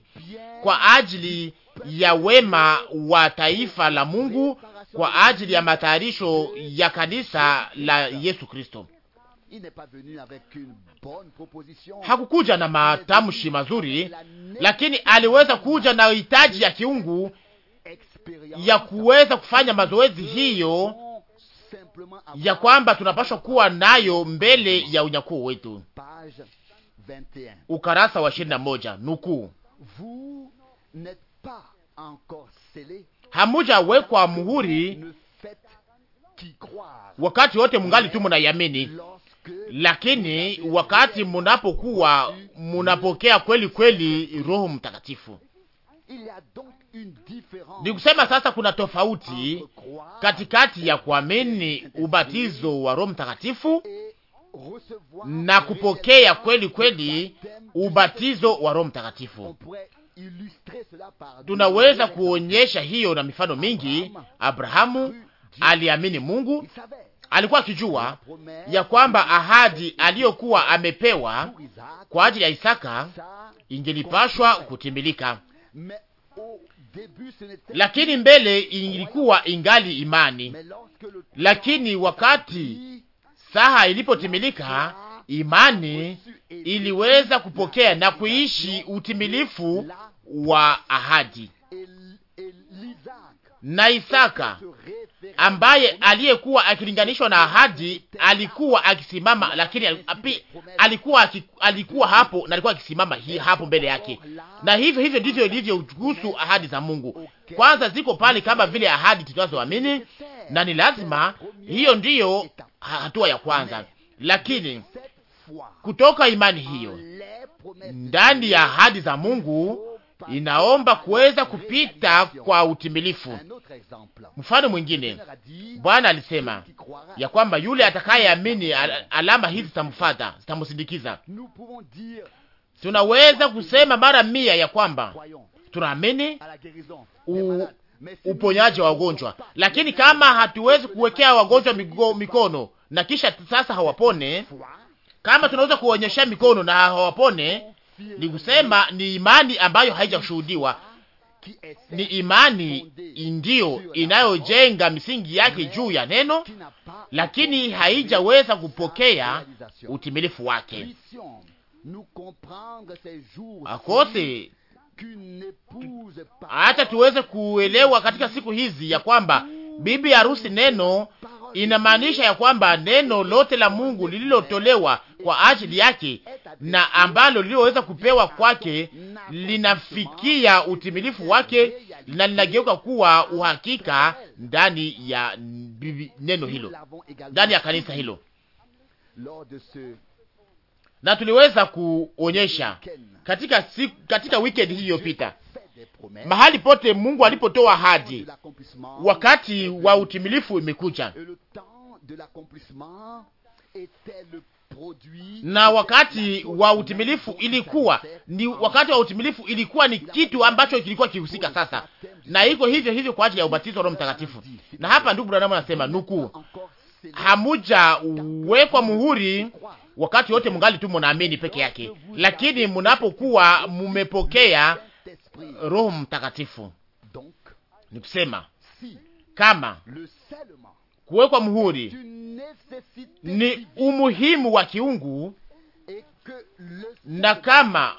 kwa ajili ya wema wa taifa la Mungu, kwa ajili ya matayarisho ya kanisa la Yesu Kristo. Hakukuja na matamshi mazuri, lakini aliweza kuja na hitaji ya kiungu ya kuweza kufanya mazoezi hiyo ya kwamba tunapaswa kuwa nayo mbele ya unyakuo wetu. Ukarasa wa ishirini na moja nukuu hamujawekwa muhuri wakati wote mungali tu munaiamini, lakini wakati munapokuwa munapokea kweli kweli Roho Mtakatifu ni kusema sasa kuna tofauti katikati ya kuamini ubatizo wa Roho Mtakatifu na kupokea kweli kweli ubatizo wa Roho Mtakatifu. Tunaweza kuonyesha hiyo na mifano mingi. Abrahamu aliamini Mungu, alikuwa akijua ya kwamba ahadi aliyokuwa amepewa kwa ajili ya Isaka ingelipashwa kutimilika lakini mbele ilikuwa ingali imani, lakini wakati saha ilipotimilika imani iliweza kupokea na kuishi utimilifu wa ahadi na Isaka ambaye aliyekuwa akilinganishwa na ahadi alikuwa akisimama, lakini alikuwa alikuwa hapo na alikuwa akisimama hii hapo mbele yake. Na hivyo hivyo ndivyo ilivyo kuhusu ahadi za Mungu. Kwanza ziko pale kama vile ahadi tunazoamini, na ni lazima hiyo ndiyo hatua ya kwanza, lakini kutoka imani hiyo ndani ya ahadi za Mungu inaomba kuweza kupita kwa utimilifu. Mfano mwingine, Bwana alisema ya kwamba yule atakayeamini alama hizi zitamfata zitamsindikiza. Tunaweza kusema mara mia ya kwamba tunaamini uponyaji wa wagonjwa, lakini kama hatuwezi kuwekea wagonjwa mikono na kisha sasa hawapone, kama tunaweza kuonyesha mikono na hawapone, ni kusema ni imani ambayo haijashuhudiwa, ni imani ndiyo inayojenga misingi yake juu ya neno, lakini haijaweza kupokea utimilifu wake. Akose hata tuweze kuelewa katika siku hizi ya kwamba bibi harusi neno inamaanisha ya kwamba neno lote la Mungu lililotolewa kwa ajili yake na ambalo lilioweza kupewa kwake linafikia utimilifu wake na linageuka kuwa uhakika ndani ya neno hilo, ndani ya kanisa hilo. Na tuliweza kuonyesha katika, si, katika weekend hii iliyopita mahali pote Mungu alipotoa ahadi, wakati wa utimilifu imekuja na wakati wa utimilifu ilikuwa ni wakati wa utimilifu ilikuwa ni kitu ambacho kilikuwa kihusika sasa, na iko hivyo hivyo kwa ajili ya ubatizo wa Roho Mtakatifu. Na hapa ndugu Branham anasema nukuu, hamuja wekwa muhuri wakati wote mungali tu munaamini peke yake, lakini munapokuwa mumepokea Roho Mtakatifu, nikusema kama kuwekwa muhuri ni umuhimu wa kiungu, na kama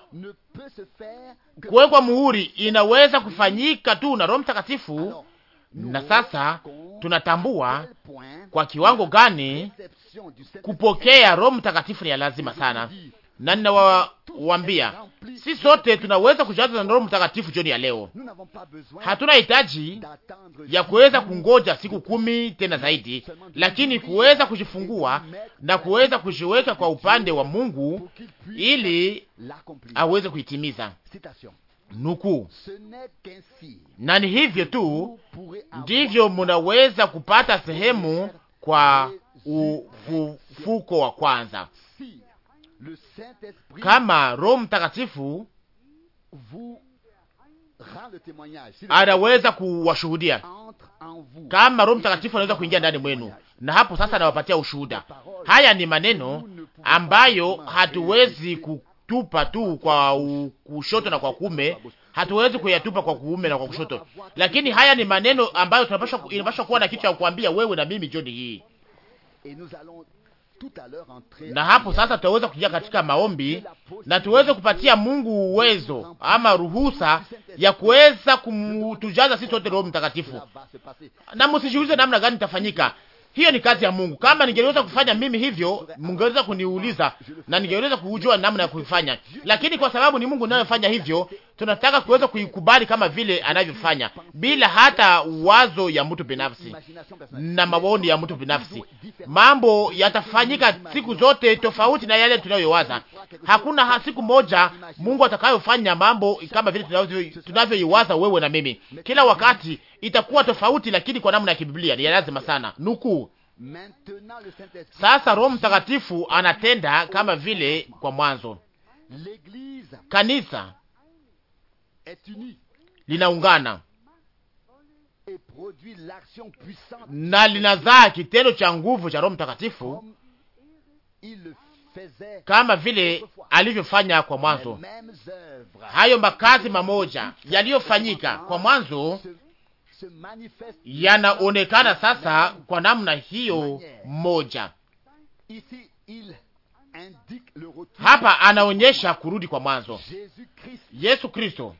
kuwekwa muhuri inaweza kufanyika tu na Roho Mtakatifu. Na sasa tunatambua kwa kiwango gani kupokea Roho Mtakatifu ni ya lazima sana na ninawaambia si sote tunaweza kujaza na Roho Mtakatifu jioni ya leo. Hatuna hitaji ya kuweza kungoja siku kumi tena zaidi, lakini kuweza kujifungua na kuweza kujiweka kwa upande wa Mungu ili aweze kuitimiza nuku Na ni hivyo tu ndivyo munaweza kupata sehemu kwa ufuko wa kwanza kama Roho Mtakatifu anaweza kuwashuhudia, kama Roho Mtakatifu anaweza kuingia ndani mwenu, na hapo sasa anawapatia ushuhuda. Haya ni maneno ambayo hatuwezi kutupa tu kwa kushoto na kwa kume, hatuwezi kuyatupa kwa kuume na kwa kushoto, lakini haya ni maneno ambayo tunapaswa, inapaswa kuwa na kitu cha kuambia wewe na mimi jioni hii na hapo sasa tutaweza kuingia katika maombi na tuweze kupatia Mungu uwezo ama ruhusa ya kuweza kutujaza sisi wote Roho Mtakatifu, na msijiulize namna gani itafanyika. Hiyo ni kazi ya Mungu. Kama ningeweza kufanya mimi hivyo, mungeweza kuniuliza na ningeweza kujua namna ya kuifanya, lakini kwa sababu ni Mungu anayefanya hivyo, tunataka kuweza kuikubali kama vile anavyofanya bila hata wazo ya mtu binafsi na maoni ya mtu binafsi. Mambo yatafanyika siku zote tofauti na yale tunayowaza. Hakuna siku moja Mungu atakayofanya mambo kama vile tunavyoiwaza wewe na mimi. Kila wakati itakuwa tofauti, lakini kwa namna ya kibiblia ni lazima sana nukuu sasa Roho Mtakatifu anatenda kama vile kwa mwanzo. Kanisa linaungana na linazaa kitendo cha nguvu cha Roho Mtakatifu kama vile alivyofanya kwa mwanzo. Hayo makazi mamoja yaliyofanyika kwa mwanzo yanaonekana sasa kwa namna hiyo moja. Hapa anaonyesha kurudi kwa mwanzo Yesu Kristo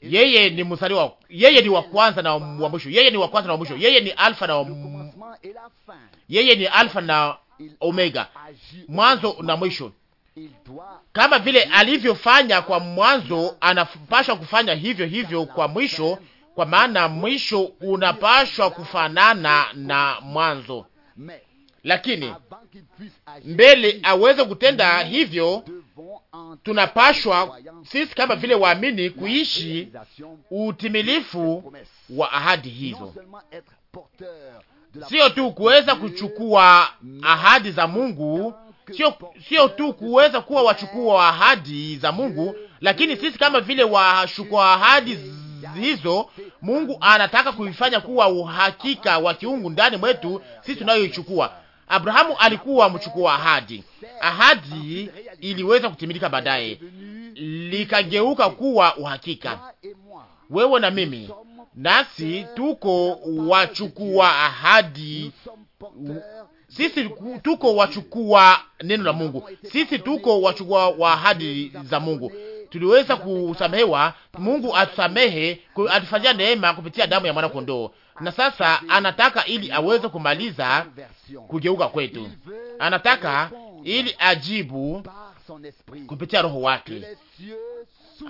yeye ni mzaliwa, yeye ni wa kwanza na wa mwisho, yeye ni wa kwanza na wa mwisho, yeye ni alfa na yeye ni alfa na omega, mwanzo na mwisho. Kama vile alivyofanya kwa mwanzo, anapashwa kufanya hivyo hivyo kwa mwisho, kwa maana mwisho unapashwa kufanana na mwanzo, lakini mbele aweze kutenda hivyo, tunapashwa sisi kama vile waamini kuishi utimilifu wa ahadi hizo, sio tu kuweza kuchukua ahadi za Mungu, sio sio tu kuweza kuwa wachukua wa ahadi za Mungu, lakini sisi kama vile washukua ahadi hizo Mungu anataka kuifanya kuwa uhakika wa kiungu ndani mwetu sisi tunayoichukua Abrahamu alikuwa mchukua ahadi. Ahadi iliweza kutimilika baadaye, likageuka kuwa uhakika. Wewe na mimi nasi tuko wachukua ahadi, sisi tuko wachukua neno la Mungu, sisi tuko wachukua wa ahadi za Mungu tuliweza kusamehewa. Mungu atusamehe, atufanyia neema kupitia damu ya mwana kondoo, na sasa anataka ili aweze kumaliza kugeuka kwetu, anataka ili ajibu kupitia roho wake.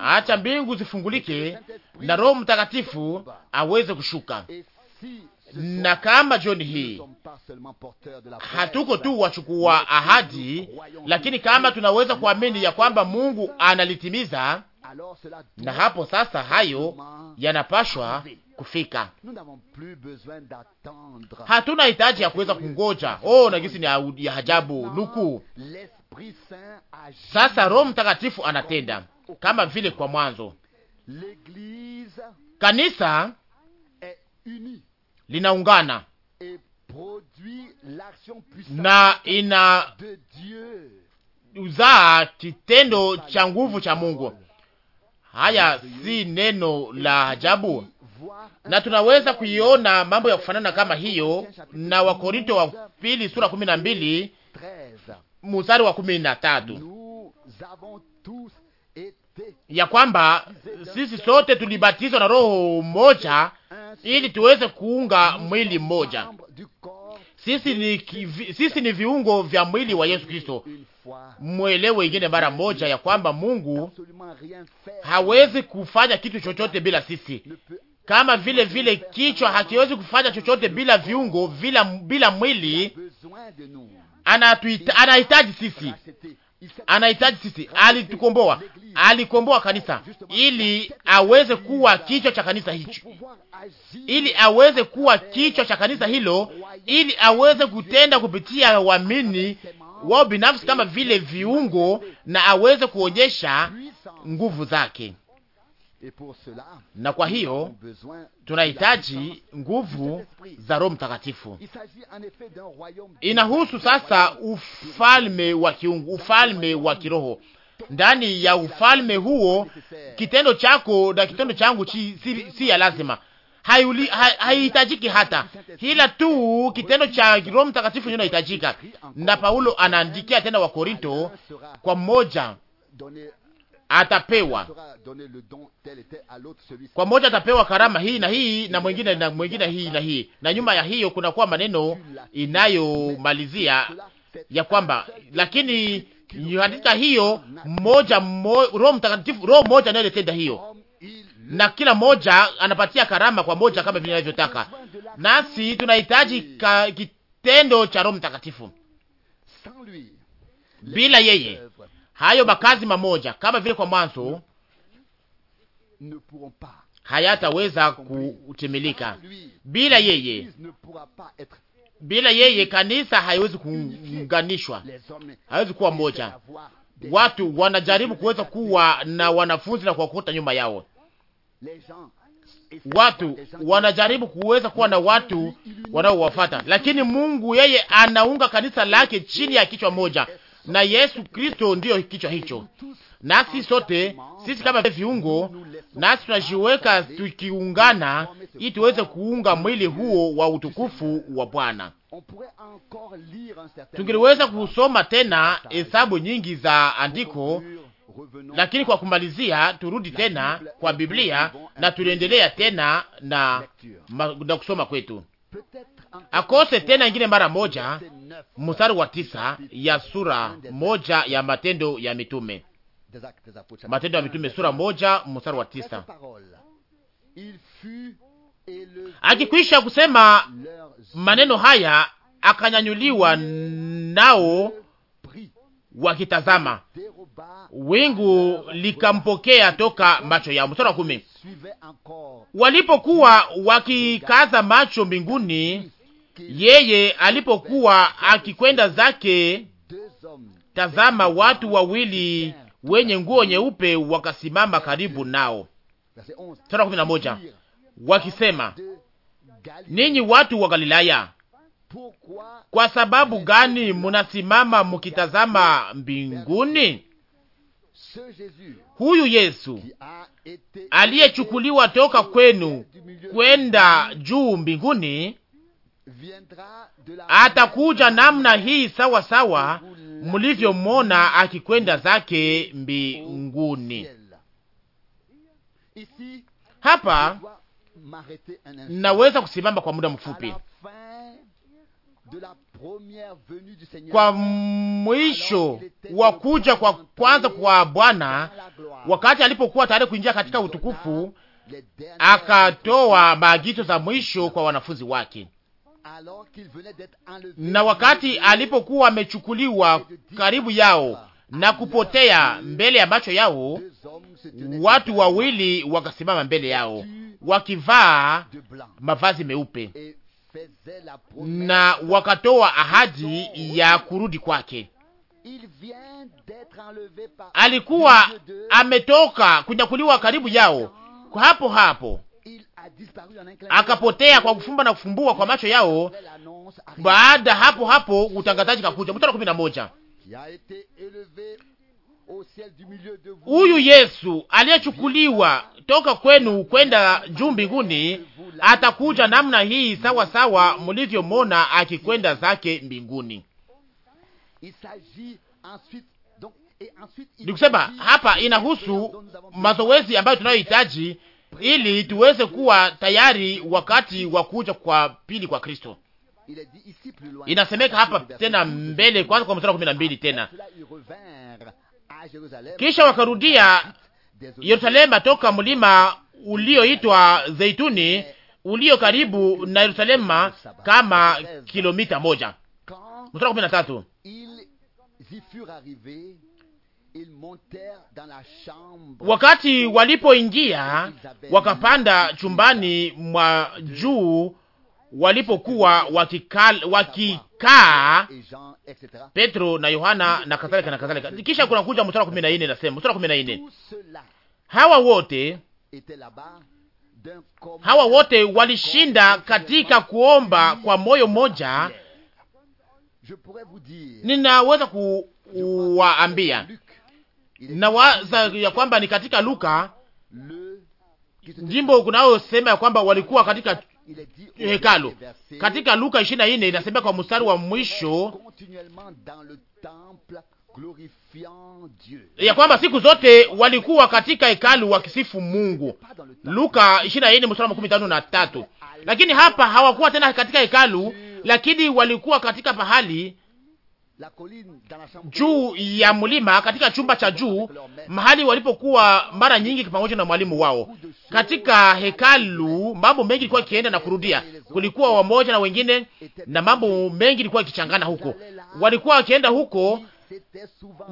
Acha mbingu zifungulike na Roho Mtakatifu aweze kushuka na kama jioni hii hatuko tu wachukua ahadi, lakini kama tunaweza kuamini ya kwamba Mungu analitimiza, na hapo sasa hayo yanapashwa kufika. Hatuna hitaji ya kuweza kungoja. Oh, na gisi ni ya ajabu nuku. Sasa Roho Mtakatifu anatenda kama vile kwa mwanzo kanisa linaungana na ina uzaa kitendo cha nguvu cha Mungu. Haya si neno la ajabu, na tunaweza kuiona mambo ya kufanana kama hiyo na Wakorinto wa pili sura kumi na mbili mstari wa kumi na tatu ya kwamba sisi sote tulibatizwa na roho moja ili tuweze kuunga mwili mmoja. Sisi ni, kivi, sisi ni viungo vya mwili wa Yesu Kristo. Mwelewe ingine mara moja ya kwamba Mungu hawezi kufanya kitu chochote bila sisi, kama vile vile kichwa hakiwezi kufanya chochote bila viungo, bila, bila mwili. Anahitaji sisi anahitaji sisi. Alitukomboa, alikomboa kanisa ili aweze kuwa kichwa cha kanisa hicho, ili aweze kuwa kichwa cha kanisa hilo, ili aweze kutenda kupitia waamini wao binafsi kama vile viungo, na aweze kuonyesha nguvu zake na kwa hiyo tunahitaji nguvu za Roho Mtakatifu. Inahusu sasa ufalme wa kiungu, ufalme wa kiroho. Ndani ya ufalme huo kitendo chako na kitendo changu chi, si, si ya lazima haihitajiki hai hata hila tu kitendo cha Roho Mtakatifu ndio inahitajika. Na Paulo anaandikia tena Wakorinto kwa mmoja atapewa kwa mmoja, atapewa karama hii na hii na mwingine na mwingine hii na hii, na nyuma ya hiyo kunakuwa maneno inayomalizia ya kwamba lakini katika hiyo moja mo, Roho Mtakatifu, Roho moja ndiye anayetenda hiyo, na kila moja anapatia karama kwa moja kama vile anavyotaka. Nasi tunahitaji kitendo cha Roho Mtakatifu. Bila yeye hayo makazi mamoja kama vile kwa mwanzo hayataweza kutimilika bila yeye. Bila yeye kanisa haiwezi kuunganishwa, haiwezi kuwa moja. Watu wanajaribu kuweza kuwa na wanafunzi na kuwakuta nyuma yao. Watu wanajaribu kuweza kuwa na watu wanaowafata lakini Mungu yeye anaunga kanisa lake chini ya kichwa moja, na Yesu Kristo ndiyo kichwa hicho. Nasi sote sisi kama viungo, nasi tunajiweka tukiungana, ili tuweze kuunga mwili huo wa utukufu wa Bwana. Tungeliweza kusoma tena hesabu nyingi za andiko, lakini kwa kumalizia, turudi tena kwa Biblia na tuliendelea tena na, na kusoma kwetu akose tena ingine mara moja mstari wa tisa ya sura moja ya Matendo ya Mitume, Matendo ya Mitume sura moja mstari wa tisa. Akikwisha kusema maneno haya, akanyanyuliwa nao wakitazama wingu likampokea toka macho yao. Mstari wa kumi, walipokuwa wakikaza macho mbinguni yeye alipokuwa akikwenda zake, tazama, watu wawili wenye nguo nyeupe wakasimama karibu nao. Sura kumi na moja wakisema, ninyi watu wa Galilaya, kwa sababu gani munasimama mukitazama mbinguni? Huyu Yesu aliyechukuliwa toka kwenu kwenda juu mbinguni atakuja namna hii sawa sawa mlivyomwona akikwenda zake mbinguni. Hapa naweza kusimama kwa muda mfupi kwa mwisho wa kuja kwa kwanza kwa Bwana, wakati alipokuwa tayari kuingia katika utukufu, akatoa maagizo za mwisho kwa wanafunzi wake na wakati alipokuwa amechukuliwa karibu yao na kupotea mbele ya macho yao, watu wawili wakasimama mbele yao wakivaa mavazi meupe na wakatoa ahadi ya kurudi kwake. Alikuwa ametoka kunyakuliwa karibu yao hapo hapo akapotea kwa kufumba na kufumbua kwa macho yao. Baada hapo hapo utangazaji kakuja, mstari kumi na moja huyu Yesu aliyechukuliwa toka kwenu kwenda juu mbinguni atakuja namna hii sawa sawa mulivyomona akikwenda zake mbinguni. Nikusema hapa inahusu mazoezi ambayo tunayohitaji ili tuweze kuwa tayari wakati wa kuja kwa pili kwa Kristo. Inasemeka hapa tena mbele kwanza kwa mstari wa kumi na mbili tena, kisha wakarudia Yerusalema toka mlima ulioitwa Zeituni ulio karibu na Yerusalema kama kilomita moja. Mstari wa kumi na tatu Wakati walipoingia wakapanda chumbani mwa juu walipokuwa wakikaa Petro na Yohana na kadhalika na kadhalika. Kisha kuna kuja mstari wa kumi na nne nasema, mstari wa kumi na nne hawa wote hawa wote walishinda katika kuomba kwa moyo mmoja. Ninaweza kuwaambia Nawaza ya kwamba ni katika Luka jimbo kunayosema ya kwamba walikuwa katika hekalo. Katika Luka ishirini na nne inasema kwa mstari wa mwisho ya kwamba siku zote walikuwa katika hekalu wakisifu Mungu. Luka 24 mstari wa 15 na tatu. Lakini hapa hawakuwa tena katika hekalu, lakini walikuwa katika pahali juu ya mlima katika chumba cha juu, mahali walipokuwa mara nyingi pamoja na mwalimu wao katika hekalu. Mambo mengi ilikuwa ikienda na kurudia, kulikuwa wamoja na wengine, na mambo mengi ilikuwa ikichangana huko. Walikuwa wakienda huko,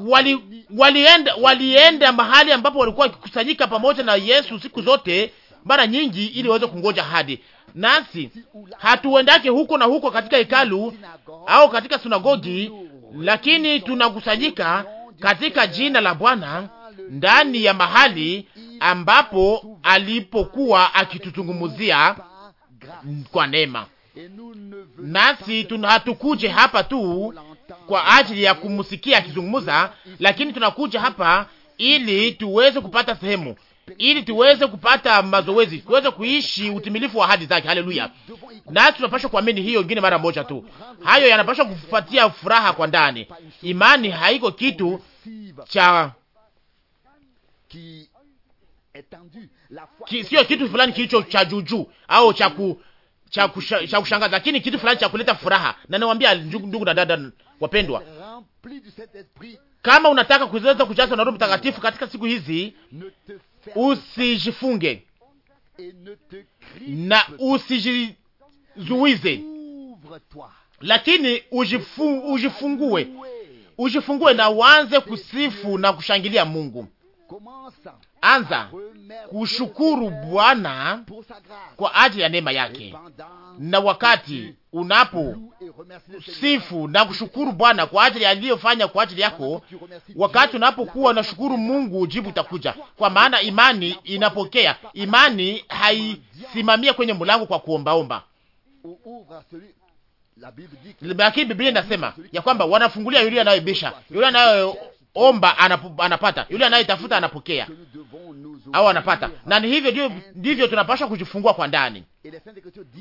wali, walienda, walienda mahali ambapo walikuwa wakikusanyika pamoja na Yesu siku zote mara nyingi, ili waweze kungoja hadi nasi hatuendake huko na huko katika hekalu au katika sinagogi lakini tunakusanyika katika jina la Bwana ndani ya mahali ambapo alipokuwa akituzungumuzia kwa neema, nasi hatukuje hapa tu kwa ajili ya kumsikia akizungumza, lakini tunakuja hapa ili tuweze kupata sehemu ili tuweze kupata mazoezi, tuweze kuishi utimilifu wa ahadi zake. Haleluya! Na tunapaswa kuamini hiyo ingine mara moja tu. Hayo yanapaswa kufuatia furaha kwa ndani. Imani haiko kitu cha ki, sio kitu fulani kilicho cha juju au cha ku cha kushangaza lakini kitu fulani cha kuleta furaha. Na niwaambia ndugu na dada wapendwa, kama unataka kuweza kujazwa na Roho Mtakatifu katika siku hizi, usijifunge na usijizuize, lakini ujifu, ujifungue ujifungue na uanze kusifu na kushangilia Mungu anza kushukuru Bwana kwa ajili ya neema yake, na wakati unapo sifu na kushukuru Bwana kwa ajili aliyofanya kwa ajili yako, wakati unapokuwa unashukuru Mungu, jibu itakuja, kwa maana imani inapokea. Imani haisimamia kwenye mlango kwa kuombaomba, lakini Biblia inasema ya kwamba wanafungulia yule anayebisha, yule anayo omba anapu, anapata, yule anayetafuta anapokea au anapata. Na ni hivyo ndivyo tunapaswa kujifungua kwa ndani,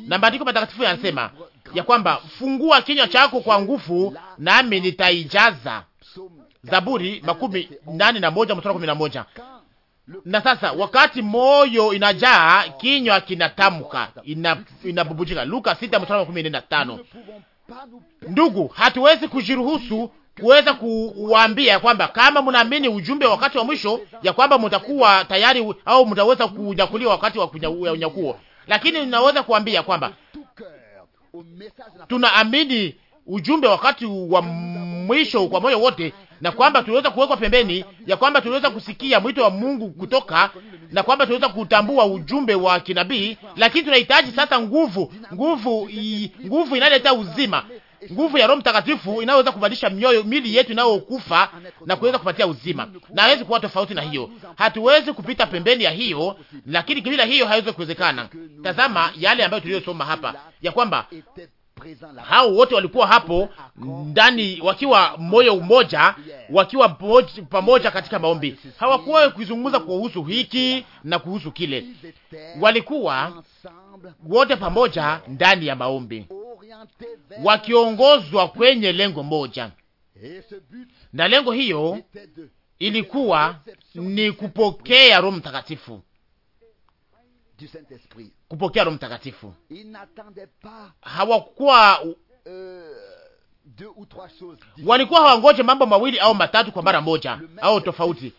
na maandiko matakatifu yanasema ya kwamba fungua kinywa chako kwa nguvu, nami nitaijaza. Zaburi makumi nane na moja mstari kumi na moja. Na sasa wakati moyo inajaa kinywa kinatamka, inabubujika. Luka sita na tano. Ndugu, hatuwezi kujiruhusu kuweza kuwaambia kwamba kama mnaamini ujumbe wakati wa mwisho, ya kwamba mtakuwa tayari au mtaweza kunyakuliwa wakati wa unyakuo. Lakini ninaweza kuambia kwamba tunaamini ujumbe wakati wa mwisho kwa moyo wote, na kwamba tuliweza kuwekwa pembeni, ya kwamba tuliweza kusikia mwito wa Mungu kutoka, na kwamba tuliweza kutambua ujumbe wa kinabii. Lakini tunahitaji sasa nguvu, nguvu, nguvu inaleta uzima, nguvu ya Roho Mtakatifu inayoweza kubadilisha mioyo mili yetu inayokufa na kuweza kupatia uzima, na haiwezi kuwa tofauti na hiyo. Hatuwezi kupita pembeni ya hiyo, lakini bila hiyo haiwezi kuwezekana. Tazama yale ambayo tuliyosoma hapa ya kwamba hao wote walikuwa hapo ndani wakiwa moyo umoja, wakiwa pamoja katika maombi. Hawakuwa kuzungumza kuhusu hiki na kuhusu kile, walikuwa wote pamoja ndani ya maombi wakiongozwa kwenye lengo moja, na lengo hiyo ilikuwa ni kupokea Roho Mtakatifu, kupokea Roho Mtakatifu. Hawakuwa walikuwa hawangoje mambo mawili au matatu kwa mara moja au tofauti,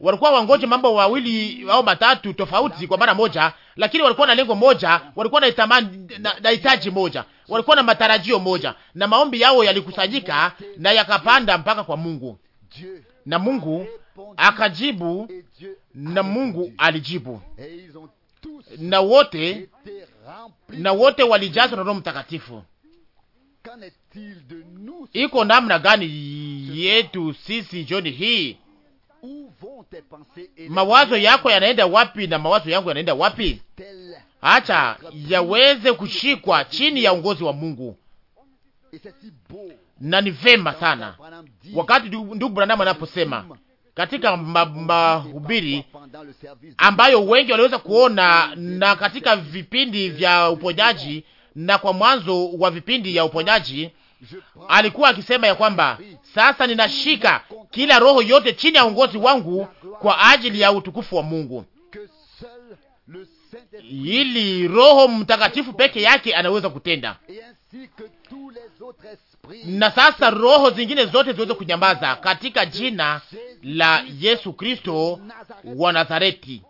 walikuwa wangoje mambo wawili au matatu tofauti kwa mara moja, lakini walikuwa na lengo moja, walikuwa na itamani na hitaji moja, walikuwa na matarajio moja, na maombi yao yalikusanyika na yakapanda mpaka kwa Mungu, na Mungu akajibu, na Mungu alijibu, na wote na wote walijazwa na Roho Mtakatifu. Iko namna gani yetu sisi jioni hii? mawazo yako yanaenda wapi na mawazo yangu yanaenda wapi? Acha yaweze kushikwa chini ya uongozi wa Mungu, na ni vema sana wakati ndugu Branham anaposema katika mahubiri ambayo wengi waliweza kuona na katika vipindi vya uponyaji na kwa mwanzo wa vipindi ya uponyaji alikuwa akisema ya kwamba sasa ninashika kila roho yote chini ya uongozi wangu kwa ajili ya utukufu wa Mungu, ili Roho Mtakatifu peke yake anaweza kutenda, na sasa roho zingine zote ziweze kunyamaza katika jina la Yesu Kristo wa Nazareti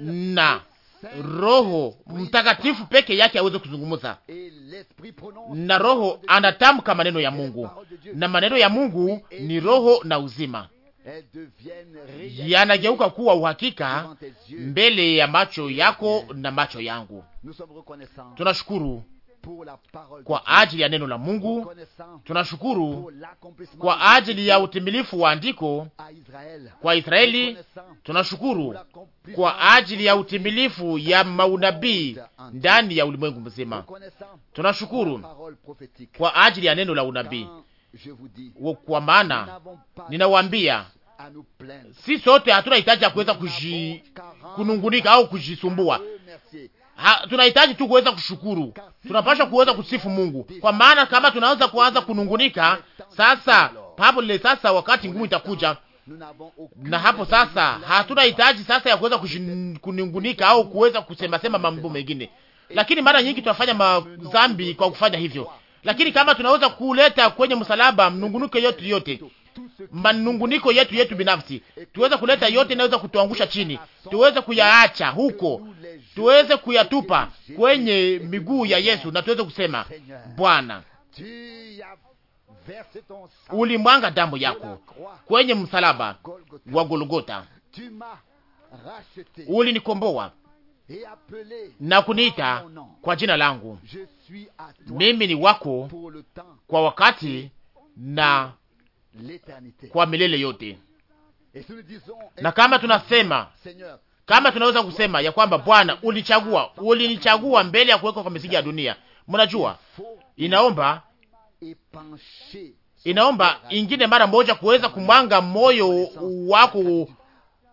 na Roho Mtakatifu peke yake aweze kuzungumza, na Roho anatamka maneno ya Mungu, na maneno ya Mungu ni roho na uzima, yanageuka kuwa uhakika mbele ya macho yako na macho yangu. Tunashukuru kwa ajili ya neno la Mungu. Tunashukuru kwa ajili ya utimilifu wa andiko kwa Israeli. Tunashukuru kwa ajili ya utimilifu ya maunabii ndani ya ulimwengu mzima. Tunashukuru kwa ajili ya neno la unabii, kwa maana ninawaambia si sote hatuna hitaji ya kuweza kunungunika au kujisumbua tunahitaji tu kuweza kushukuru, tunapaswa kuweza kusifu Mungu, kwa maana kama tunaweza kuanza kunungunika sasa, papo lile sasa, wakati ngumu itakuja na hapo sasa hatuna hitaji sasa ya kuweza kunungunika au kuweza kusemasema mambo mengine, lakini mara nyingi tunafanya madhambi kwa kufanya hivyo. Lakini kama tunaweza kuleta kwenye msalaba mnungunuko yote yote manunguniko yetu yetu binafsi, tuweze kuleta yote inaweza kutuangusha chini, tuweze kuyaacha huko, tuweze kuyatupa kwenye miguu ya Yesu, na tuweze kusema Bwana, ulimwanga damu yako kwenye msalaba wa Golgota, ulinikomboa na kuniita kwa jina langu, mimi ni wako kwa wakati na kwa milele yote. Na kama tunasema kama tunaweza kusema ya kwamba Bwana, ulichagua ulinichagua mbele ya kuwekwa kwa misingi ya dunia, mnajua inaomba inaomba ingine mara moja kuweza kumwanga moyo wako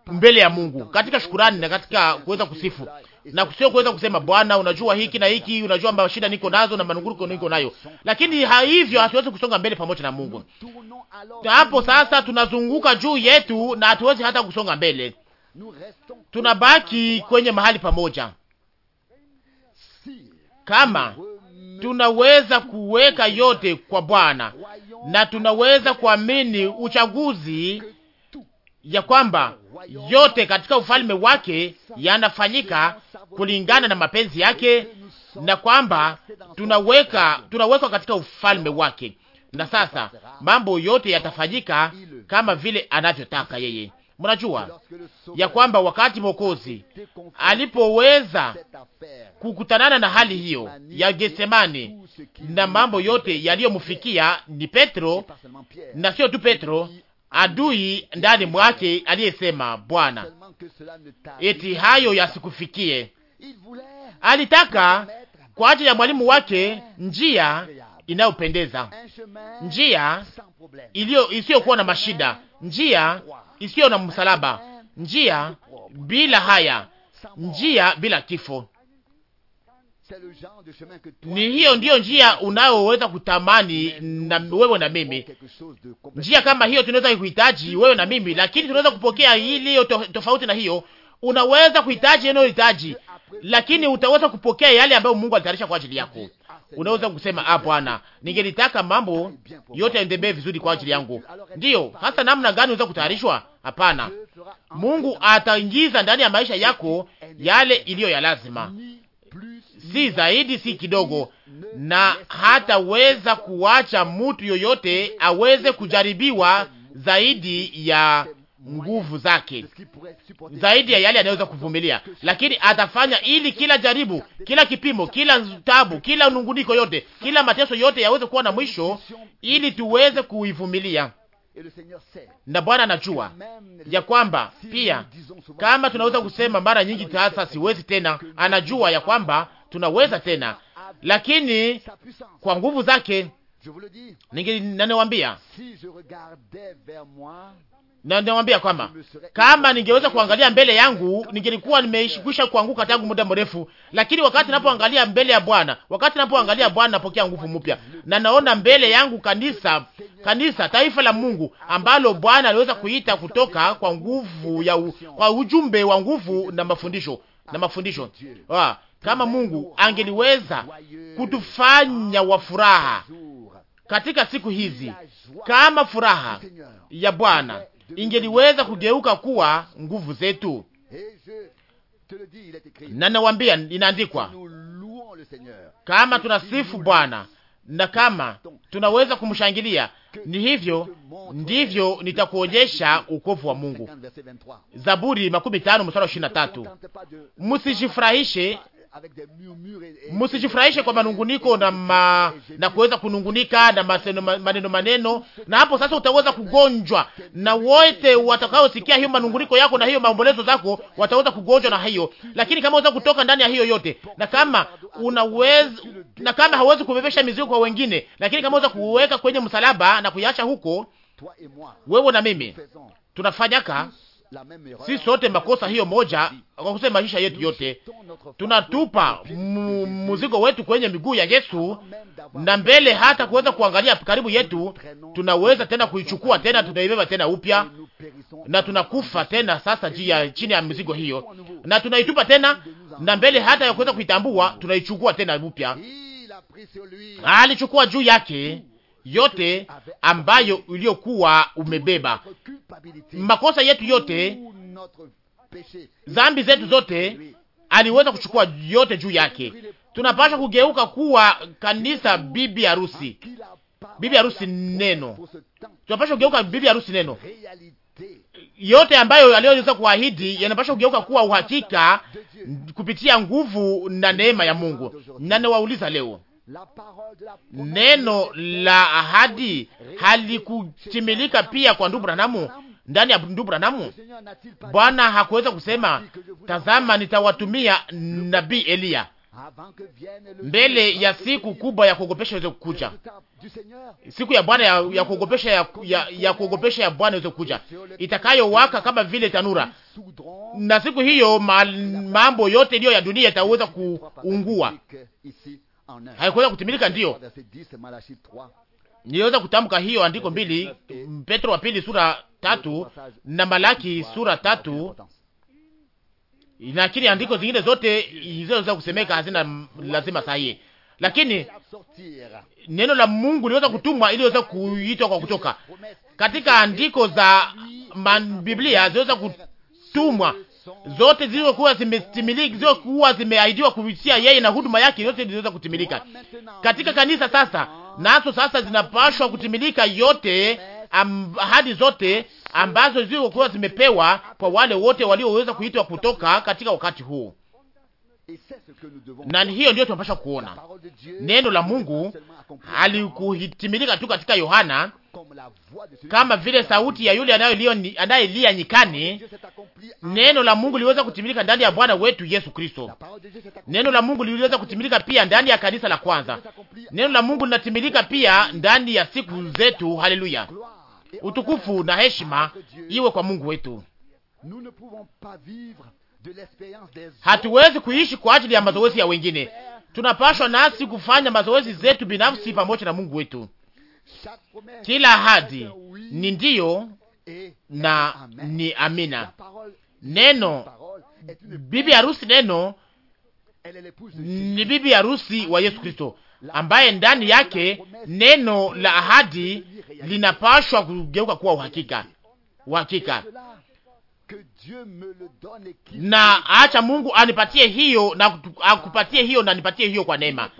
mbele ya Mungu katika shukurani na katika kuweza kusifu na sio kuweza kusema Bwana, unajua hiki na hiki, unajua mashida niko nazo na manunguruko niko nayo, lakini hivyo hatuwezi kusonga mbele pamoja na Mungu. Hapo sasa tunazunguka juu yetu na hatuwezi hata kusonga mbele, tunabaki kwenye mahali pamoja. Kama tunaweza kuweka yote kwa Bwana na tunaweza kuamini uchaguzi ya kwamba yote katika ufalme wake yanafanyika kulingana na mapenzi yake, na kwamba tunaweka tunawekwa katika ufalme wake, na sasa mambo yote yatafanyika kama vile anavyotaka yeye. Mnajua ya kwamba wakati Mwokozi alipoweza kukutanana na hali hiyo ya Getsemani na mambo yote yaliyomfikia, ni Petro na sio tu Petro adui ndani mwake aliyesema, Bwana, eti hayo yasikufikie. Alitaka kwa ajili ya mwalimu wake njia inayopendeza, njia iliyo isiyokuwa na mashida, njia isiyo na msalaba, njia bila haya, njia bila kifo. Ni hiyo ndiyo njia unayoweza kutamani na wewe na mimi, njia kama hiyo tunaweza kuhitaji wewe na mimi, lakini tunaweza kupokea iliyo to, tofauti na hiyo. Unaweza kuhitaji unayohitaji, lakini utaweza kupokea yale ambayo Mungu alitayarisha kwa ajili yako. Unaweza kusema ah, Bwana, ningelitaka mambo yote yaendelee vizuri kwa ajili yangu. Ndiyo hasa namna gani unaweza kutayarishwa? Hapana, Mungu ataingiza ndani ya maisha yako yale iliyo ya lazima si zaidi, si kidogo, na hataweza kuacha mtu yoyote aweze kujaribiwa zaidi ya nguvu zake, zaidi ya yale anayoweza kuvumilia, lakini atafanya ili kila jaribu, kila kipimo, kila tabu, kila nunguniko yote, kila mateso yote yaweze kuwa na mwisho, ili tuweze kuivumilia na Bwana anajua ya kwamba pia kama tunaweza kusema mara nyingi, sasa siwezi tena, anajua ya kwamba tunaweza tena, lakini kwa nguvu zake. Naniwambia na ninamwambia kwamba kama ningeweza kuangalia mbele yangu ningelikuwa nimeishikwisha kuanguka tangu muda mrefu, lakini wakati napoangalia mbele ya Bwana, wakati napoangalia Bwana napokea nguvu mpya, na naona mbele yangu kanisa, kanisa taifa la Mungu ambalo Bwana aliweza kuita kutoka kwa nguvu ya u, kwa ujumbe wa nguvu na mafundisho na mafundisho wa, ah, kama Mungu angeliweza kutufanya wa furaha katika siku hizi kama furaha ya Bwana ingeliweza kugeuka kuwa nguvu zetu. Na nawambia, inaandikwa kama tunasifu Bwana na kama tunaweza kumshangilia, ni hivyo ndivyo nitakuonyesha ukovu wa Mungu. Zaburi makumi tano mstari wa ishirini na tatu. Msijifurahishe msijifurahishe kwa manunguniko na, ma, na kuweza kunungunika na maseno, maneno maneno, na hapo sasa utaweza kugonjwa, na wote watakaosikia hiyo manunguniko yako na hiyo maombolezo zako wataweza kugonjwa na hiyo. Lakini kama unaweza kutoka ndani ya hiyo yote, na kama unaweza, na kama hauwezi kubebesha mizigo kwa wengine, lakini kama unaweza kuweka kwenye msalaba na kuiacha huko, wewe na mimi tunafanyaka si sote makosa hiyo moja, kwa kusema maisha yetu yote tunatupa muzigo wetu kwenye miguu ya Yesu, na mbele hata kuweza kuangalia karibu yetu, tunaweza tena kuichukua tena, tunaibeba tena upya, na tunakufa tena sasa jia, chini ya mzigo hiyo, na tunaitupa tena, na mbele hata ya kuweza kuitambua, tunaichukua tena upya. Alichukua juu yake yote ambayo uliyokuwa umebeba, makosa yetu yote, zambi zetu zote, aliweza kuchukua yote juu yake. Tunapasha kugeuka kuwa kanisa bibi harusi, bibi harusi neno. Tunapasha kugeuka bibi harusi neno yote ambayo aliyoweza kuahidi yanapaswa kugeuka kuwa uhakika kupitia nguvu na neema ya Mungu. Na nawauliza leo neno la ahadi halikutimilika pia kwa ndugu Branamu, ndani ya ndugu Branamu. Bwana hakuweza kusema tazama, nitawatumia nabii Eliya mbele ya siku kubwa ya kuogopesha iweze kukuja. Siku ya Bwana ya, ya kuogopesha ya, ya, ya kuogopesha ya Bwana iweze kukuja, itakayowaka kama vile tanura, na siku hiyo ma, mambo yote iliyo ya dunia itaweza kuungua Oh, haikuweza kutimilika. Ndiyo niliweza kutamka hiyo andiko mbili, Petro wa pili sura tatu na Malaki sura tatu, lakini andiko zingine zote zilizoweza kusemeka hazina lazima sahihi, lakini neno la Mungu liweza kutumwa ili weza kuitwa kwa kutoka katika andiko za Biblia ziweza kutumwa zote zilizokuwa zimetimilika, zilizokuwa zimeahidiwa kupitia yeye na huduma yake, yote ziliweza kutimilika katika kanisa. Sasa nazo sasa zinapashwa kutimilika yote ahadi zote ambazo zilizokuwa zimepewa kwa wale wote walioweza kuitwa kutoka katika wakati huu, na hiyo ndio tunapasha kuona neno la Mungu halikuhitimilika tu katika Yohana kama vile sauti ya yule anayelia nyikani. Neno la Mungu liliweza kutimilika ndani ya Bwana wetu Yesu Kristo. Neno la Mungu liliweza kutimilika pia ndani ya kanisa la kwanza. Neno la Mungu linatimilika pia ndani ya siku zetu. Haleluya! Utukufu na heshima iwe kwa Mungu wetu. Hatuwezi kuishi kwa ajili ya mazoezi ya wengine, tunapashwa nasi kufanya mazoezi zetu binafsi pamoja na Mungu wetu. Kila ahadi ni ndiyo na ni amina. Neno bibi harusi, neno ni bibi harusi wa Yesu Kristo, ambaye ndani yake neno la ahadi linapashwa kugeuka kuwa uhakika, uhakika na acha Mungu anipatie hiyo na akupatie hiyo na nipatie hiyo kwa neema.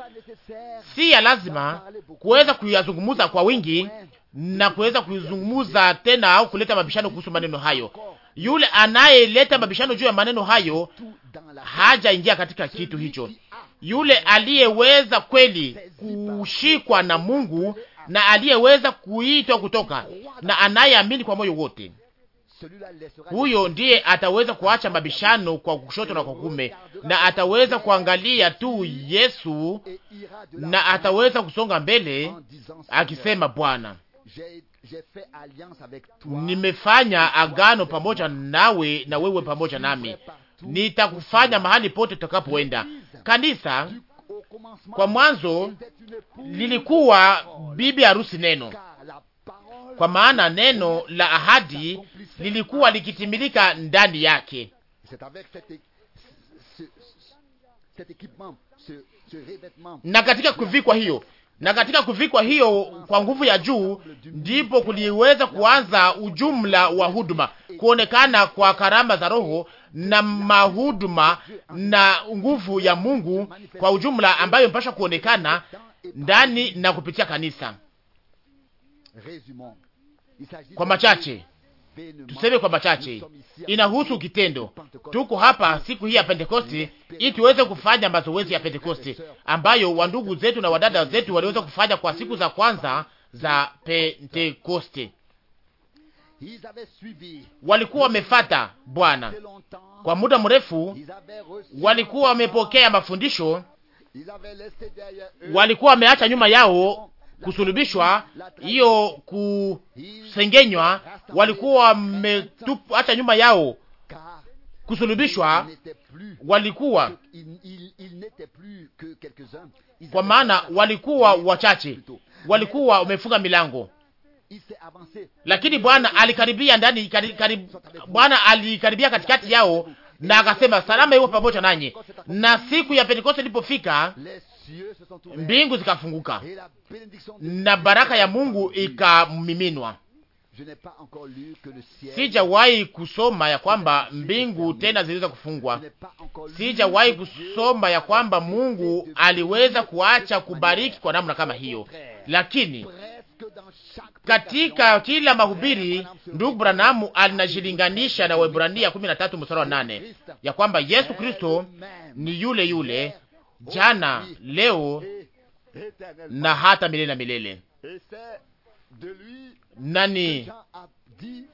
Si ya lazima kuweza kuyazungumuza kwa wingi na kuweza kuzungumuza tena au kuleta mabishano kuhusu maneno hayo. Yule anayeleta mabishano juu ya maneno hayo hajaingia katika kitu hicho. Yule aliyeweza kweli kushikwa na Mungu na aliyeweza kuitwa kutoka na anayeamini kwa moyo wote huyo ndiye ataweza kuacha mabishano kwa kushoto na kwa kume, na ataweza kuangalia tu Yesu na ataweza kusonga mbele akisema, Bwana, nimefanya agano pamoja nawe na wewe pamoja nami, nitakufanya mahali pote tutakapoenda. Kanisa kwa mwanzo lilikuwa bibi harusi neno kwa maana neno la ahadi lilikuwa likitimilika ndani yake. Na katika kuvikwa hiyo na katika kuvikwa hiyo kwa nguvu ya juu ndipo kuliweza kuanza ujumla wa huduma, kuonekana kwa karama za Roho na mahuduma na nguvu ya Mungu kwa ujumla, ambayo mpasha kuonekana ndani na kupitia kanisa. Kwa machache tuseme, kwa machache, inahusu kitendo. Tuko hapa siku hii ya Pentekoste ili tuweze kufanya mazoezi ya Pentekoste ambayo wandugu zetu na wadada zetu waliweza kufanya kwa siku za kwanza za Pentekoste. Walikuwa wamefata Bwana kwa muda mrefu, walikuwa wamepokea mafundisho, walikuwa wameacha nyuma yao kusulubishwa, hiyo kusengenywa, walikuwa hata nyuma yao kusulubishwa, walikuwa kwa maana walikuwa wachache, walikuwa wamefunga milango, lakini Bwana alikaribia ndani karib, Bwana alikaribia katikati yao na akasema salama iwe pamoja nanyi. Na siku ya Pentekoste ilipofika, mbingu zikafunguka na baraka ya Mungu ikamiminwa. Sijawahi kusoma ya kwamba mbingu tena ziliweza kufungwa. Sijawahi kusoma ya kwamba Mungu aliweza kuacha kubariki kwa namna kama hiyo, lakini katika kila mahubiri ndugu Branamu alinajilinganisha na Waebrania 13 mstari wa 8 ya kwamba Yesu Kristo ni yule yule jana, oh, leo na hata milele na milele. Nani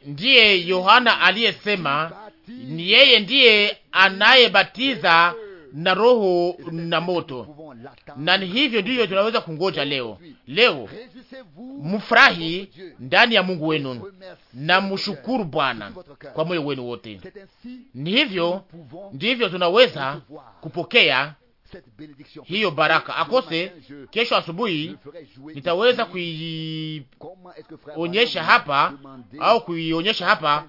ndiye? Yohana aliyesema ni yeye ndiye anayebatiza na Roho na moto, na ni hivyo ndivyo tunaweza kungoja leo. Leo mfurahi ndani ya Mungu wenu na mshukuru Bwana kwa moyo wenu wote. Ni hivyo ndivyo tunaweza kupokea hiyo baraka akose. Kesho asubuhi nitaweza kuionyesha hapa au kuionyesha hapa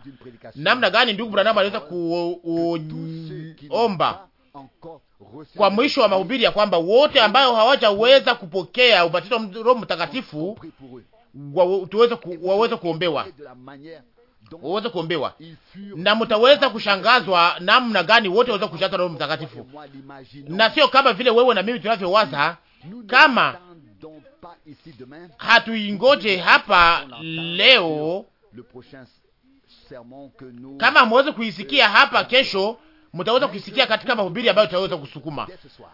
namna gani ndugu Branamu aliweza kuomba kwa mwisho wa mahubiri ya kwamba wote ambao hawajaweza kupokea ubatizo wa Roho Mtakatifu waweze kuombewa uweze kuombewa, na mtaweza kushangazwa namna gani wote waweza kushata Roho Mtakatifu, na sio kama vile wewe na mimi tunavyowaza kama hatuingoje hapa leo, kama mweze kuisikia hapa kesho mtaweza kuisikia katika mahubiri ambayo tutaweza kusukuma,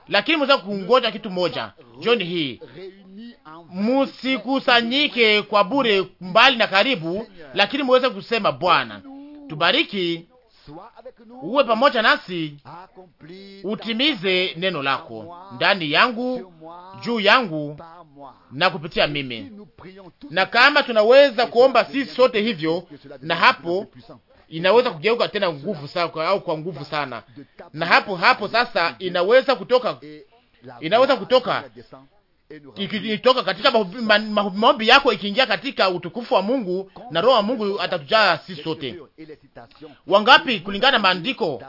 lakini mtaweza kungoja kitu moja jioni hii. musikusanyike kwa bure, mbali na karibu, lakini muweze kusema Bwana, tubariki, uwe pamoja nasi, utimize neno lako ndani yangu, juu yangu na kupitia mimi. Na kama tunaweza kuomba sisi sote hivyo, na hapo inaweza kugeuka tena nguvu sana au kwa nguvu sana, na hapo hapo sasa inaweza kutoka, inaweza kutoka ikitoka katika maombi yako ikiingia katika utukufu wa Mungu na roho wa Mungu atatujaa sisi sote. Wangapi kulingana na maandiko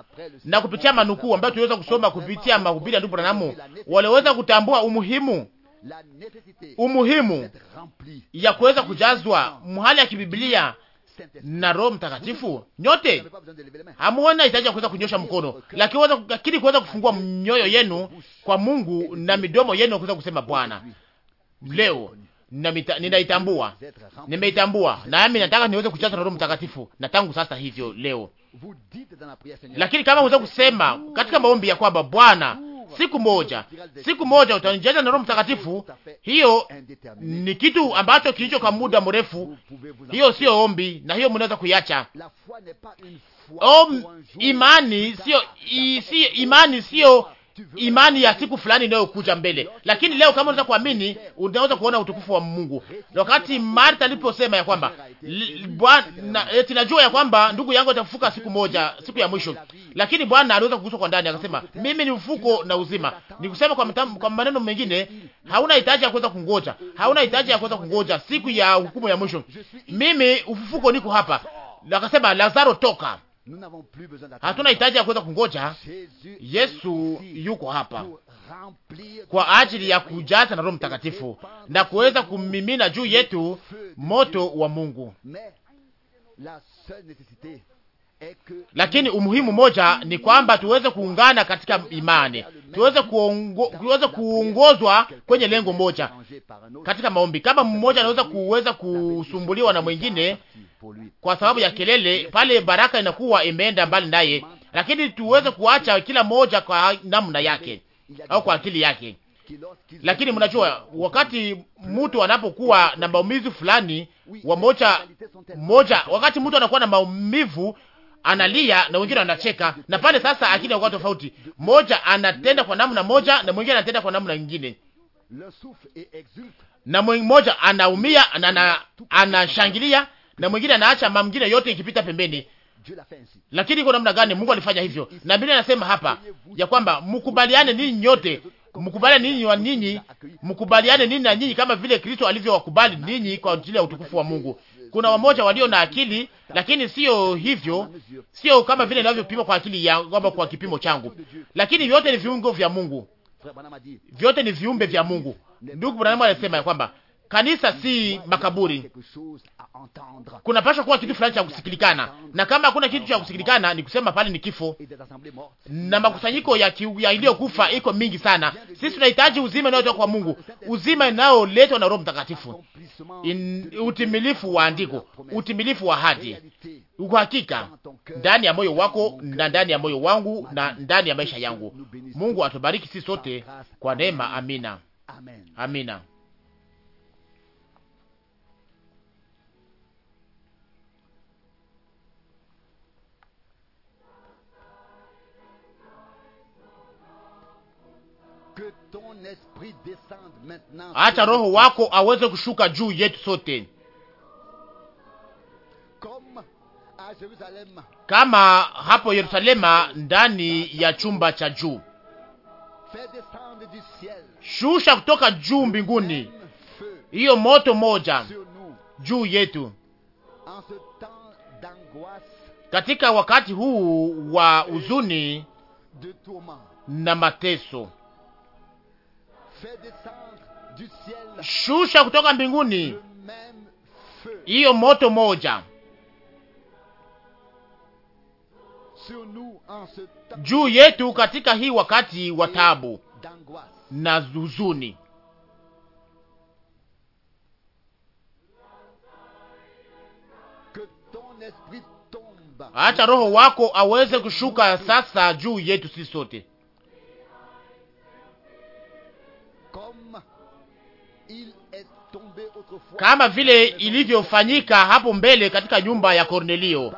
na kupitia manukuu ambayo tuliweza kusoma kupitia mahubiri ya ndugu Branamu waliweza kutambua umuhimu umuhimu ya kuweza kujazwa mhali ya kibiblia na Roho Mtakatifu. Nyote hamuona hitaji ya kuweza kunyosha mkono, lakini kuweza kufungua mioyo yenu kwa Mungu na midomo yenu kuweza kusema Bwana, leo ninaitambua, nimeitambua, nami nataka niweze kujaza na Roho Mtakatifu, na tangu sasa hivyo leo. Lakini kama uweza kusema katika maombi ya kwamba Bwana siku moja, siku moja utanijaza na Roho Mtakatifu. Hiyo ni kitu ambacho kilicho kwa muda mrefu. Hiyo sio ombi, na hiyo mnaweza kuiacha. Om, imani sio, si, imani sio imani ya siku fulani inayokuja mbele. Lakini leo kama unaweza kuamini, unaweza kuona utukufu wa Mungu. Wakati Martha aliposema ya kwamba Bwana, eti najua ya kwamba ndugu yangu atafufuka siku moja, siku ya mwisho, lakini Bwana aliweza kuguswa kwa ndani, akasema mimi ni ufuko na uzima. Nikusema kwa mtam, kwa maneno mengine, hauna hitaji ya kuweza kungoja, hauna hitaji ya kuweza kungoja siku ya hukumu ya mwisho. Mimi ufufuko niko hapa, akasema Lazaro toka Hatuna hitaji ya kuweza kungoja. Yesu yuko hapa kwa ajili ya kujaza na Roho Mtakatifu na kuweza kumimina juu yetu moto wa Mungu lakini umuhimu moja ni kwamba tuweze kuungana katika imani, tuweze kuongo, tuweze kuongozwa kwenye lengo moja katika maombi. Kama mmoja anaweza kuweza kusumbuliwa na mwingine kwa sababu ya kelele, pale baraka inakuwa imeenda mbali naye, lakini tuweze kuacha kila moja kwa namna yake au kwa akili yake. Lakini mnajua wakati mtu anapokuwa na maumivu fulani wa moja moja, wakati mtu anakuwa na maumivu analia na wengine wanacheka, na pale sasa akili ya tofauti, moja anatenda kwa namna moja na mwingine anatenda kwa namna nyingine, na mmoja anaumia na anashangilia na mwingine anaacha mamngine yote ikipita pembeni. Lakini kwa namna gani Mungu alifanya hivyo? Na Biblia inasema hapa ya kwamba mkubaliane ninyi nyote, mkubaliane ninyi wa ninyi, mkubaliane ninyi na ninyi kama vile Kristo alivyowakubali ninyi kwa ajili ya utukufu wa Mungu. Kuna wamoja walio na akili, lakini sio hivyo, sio kama vile ninavyopima kwa akili ya kwamba kwa kipimo changu, lakini vyote ni viungo vya Mungu, vyote ni viumbe vya Mungu. Ndugu Branham anasema ya kwamba Kanisa si makaburi. Kunapasha kuwa kitu fulani cha kusikilikana, na kama hakuna kitu cha kusikilikana, ni kusema pale ni kifo, na makusanyiko ya, ya iliyokufa iko mingi sana. Sisi tunahitaji uzima unaotoka kwa Mungu, uzima unaoletwa na Roho Mtakatifu, utimilifu wa andiko, utimilifu wa hadi uhakika ndani ya moyo wako na ndani ya moyo wangu na ndani ya maisha yangu. Mungu atubariki sisi sote kwa neema. Amina, amina. Acha Roho wako aweze kushuka juu yetu sote kama hapo Yerusalema, ndani ya chumba cha juu. Shusha kutoka juu mbinguni hiyo moto moja juu yetu katika wakati huu wa huzuni na mateso shusha kutoka mbinguni hiyo moto moja juu yetu katika hii wakati wa tabu na huzuni. Acha Roho wako aweze kushuka sasa juu yetu sisi sote. kama vile ilivyofanyika hapo mbele katika nyumba ya Kornelio.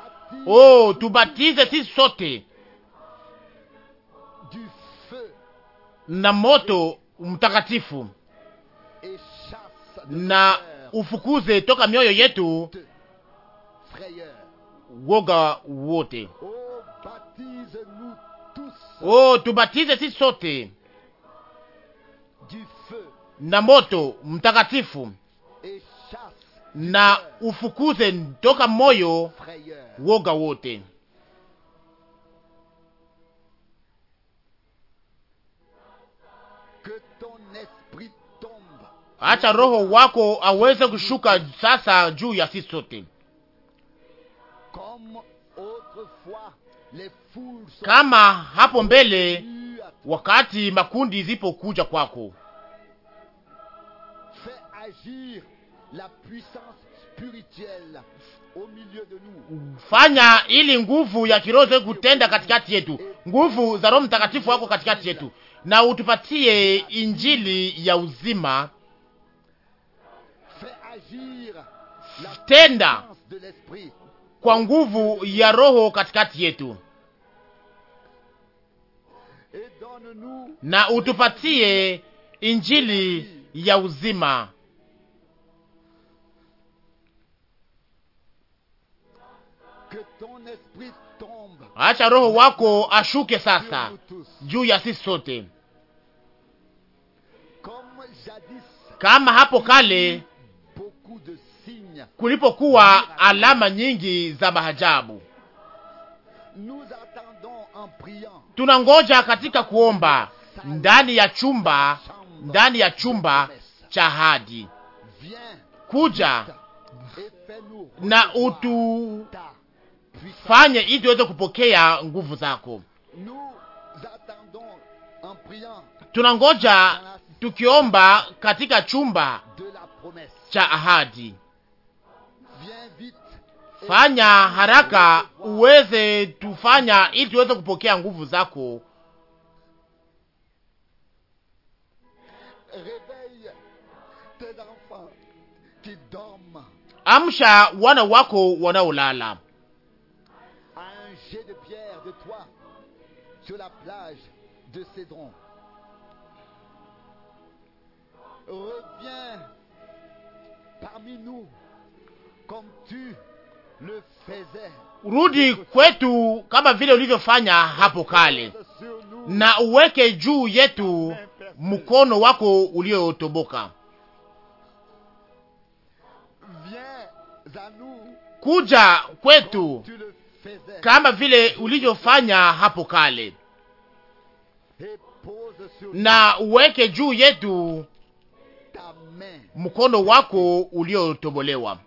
Oh, tubatize sisi sote na moto mtakatifu na ufukuze toka mioyo yetu woga wote. Oh, oh, tubatize sisi sote na moto mtakatifu na ufukuze toka moyo woga wote. Acha roho wako aweze kushuka sasa juu ya sisi sote, kama hapo mbele, wakati makundi zipokuja kwako agir la puissance spirituelle au milieu de nous. Fanya ili nguvu ya kiroho kutenda katikati yetu, nguvu za Roho Mtakatifu wako katikati yetu, na utupatie injili ya uzima. Tenda kwa nguvu ya Roho katikati yetu na utupatie injili ya uzima Acha roho wako ashuke sasa juu ya sisi sote, kama hapo kale kulipokuwa alama nyingi za mahajabu. Tunangoja katika kuomba ndani ya chumba, ndani ya chumba cha ahadi. Kuja na utu fanye ili tuweze kupokea nguvu zako. Tunangoja tukiomba katika chumba cha ahadi. Fanya haraka uweze tufanya ili tuweze kupokea nguvu zako. Amsha wana wako wanaolala. sur la plage de Cédron. Reviens parmi nous comme tu le faisais. Rudi kwetu kama vile ulivyofanya hapo kale, na uweke juu yetu mkono wako uliotoboka. Kuja kwetu kama vile ulivyofanya hapo kale na uweke juu yetu mkono wako uliotobolewa.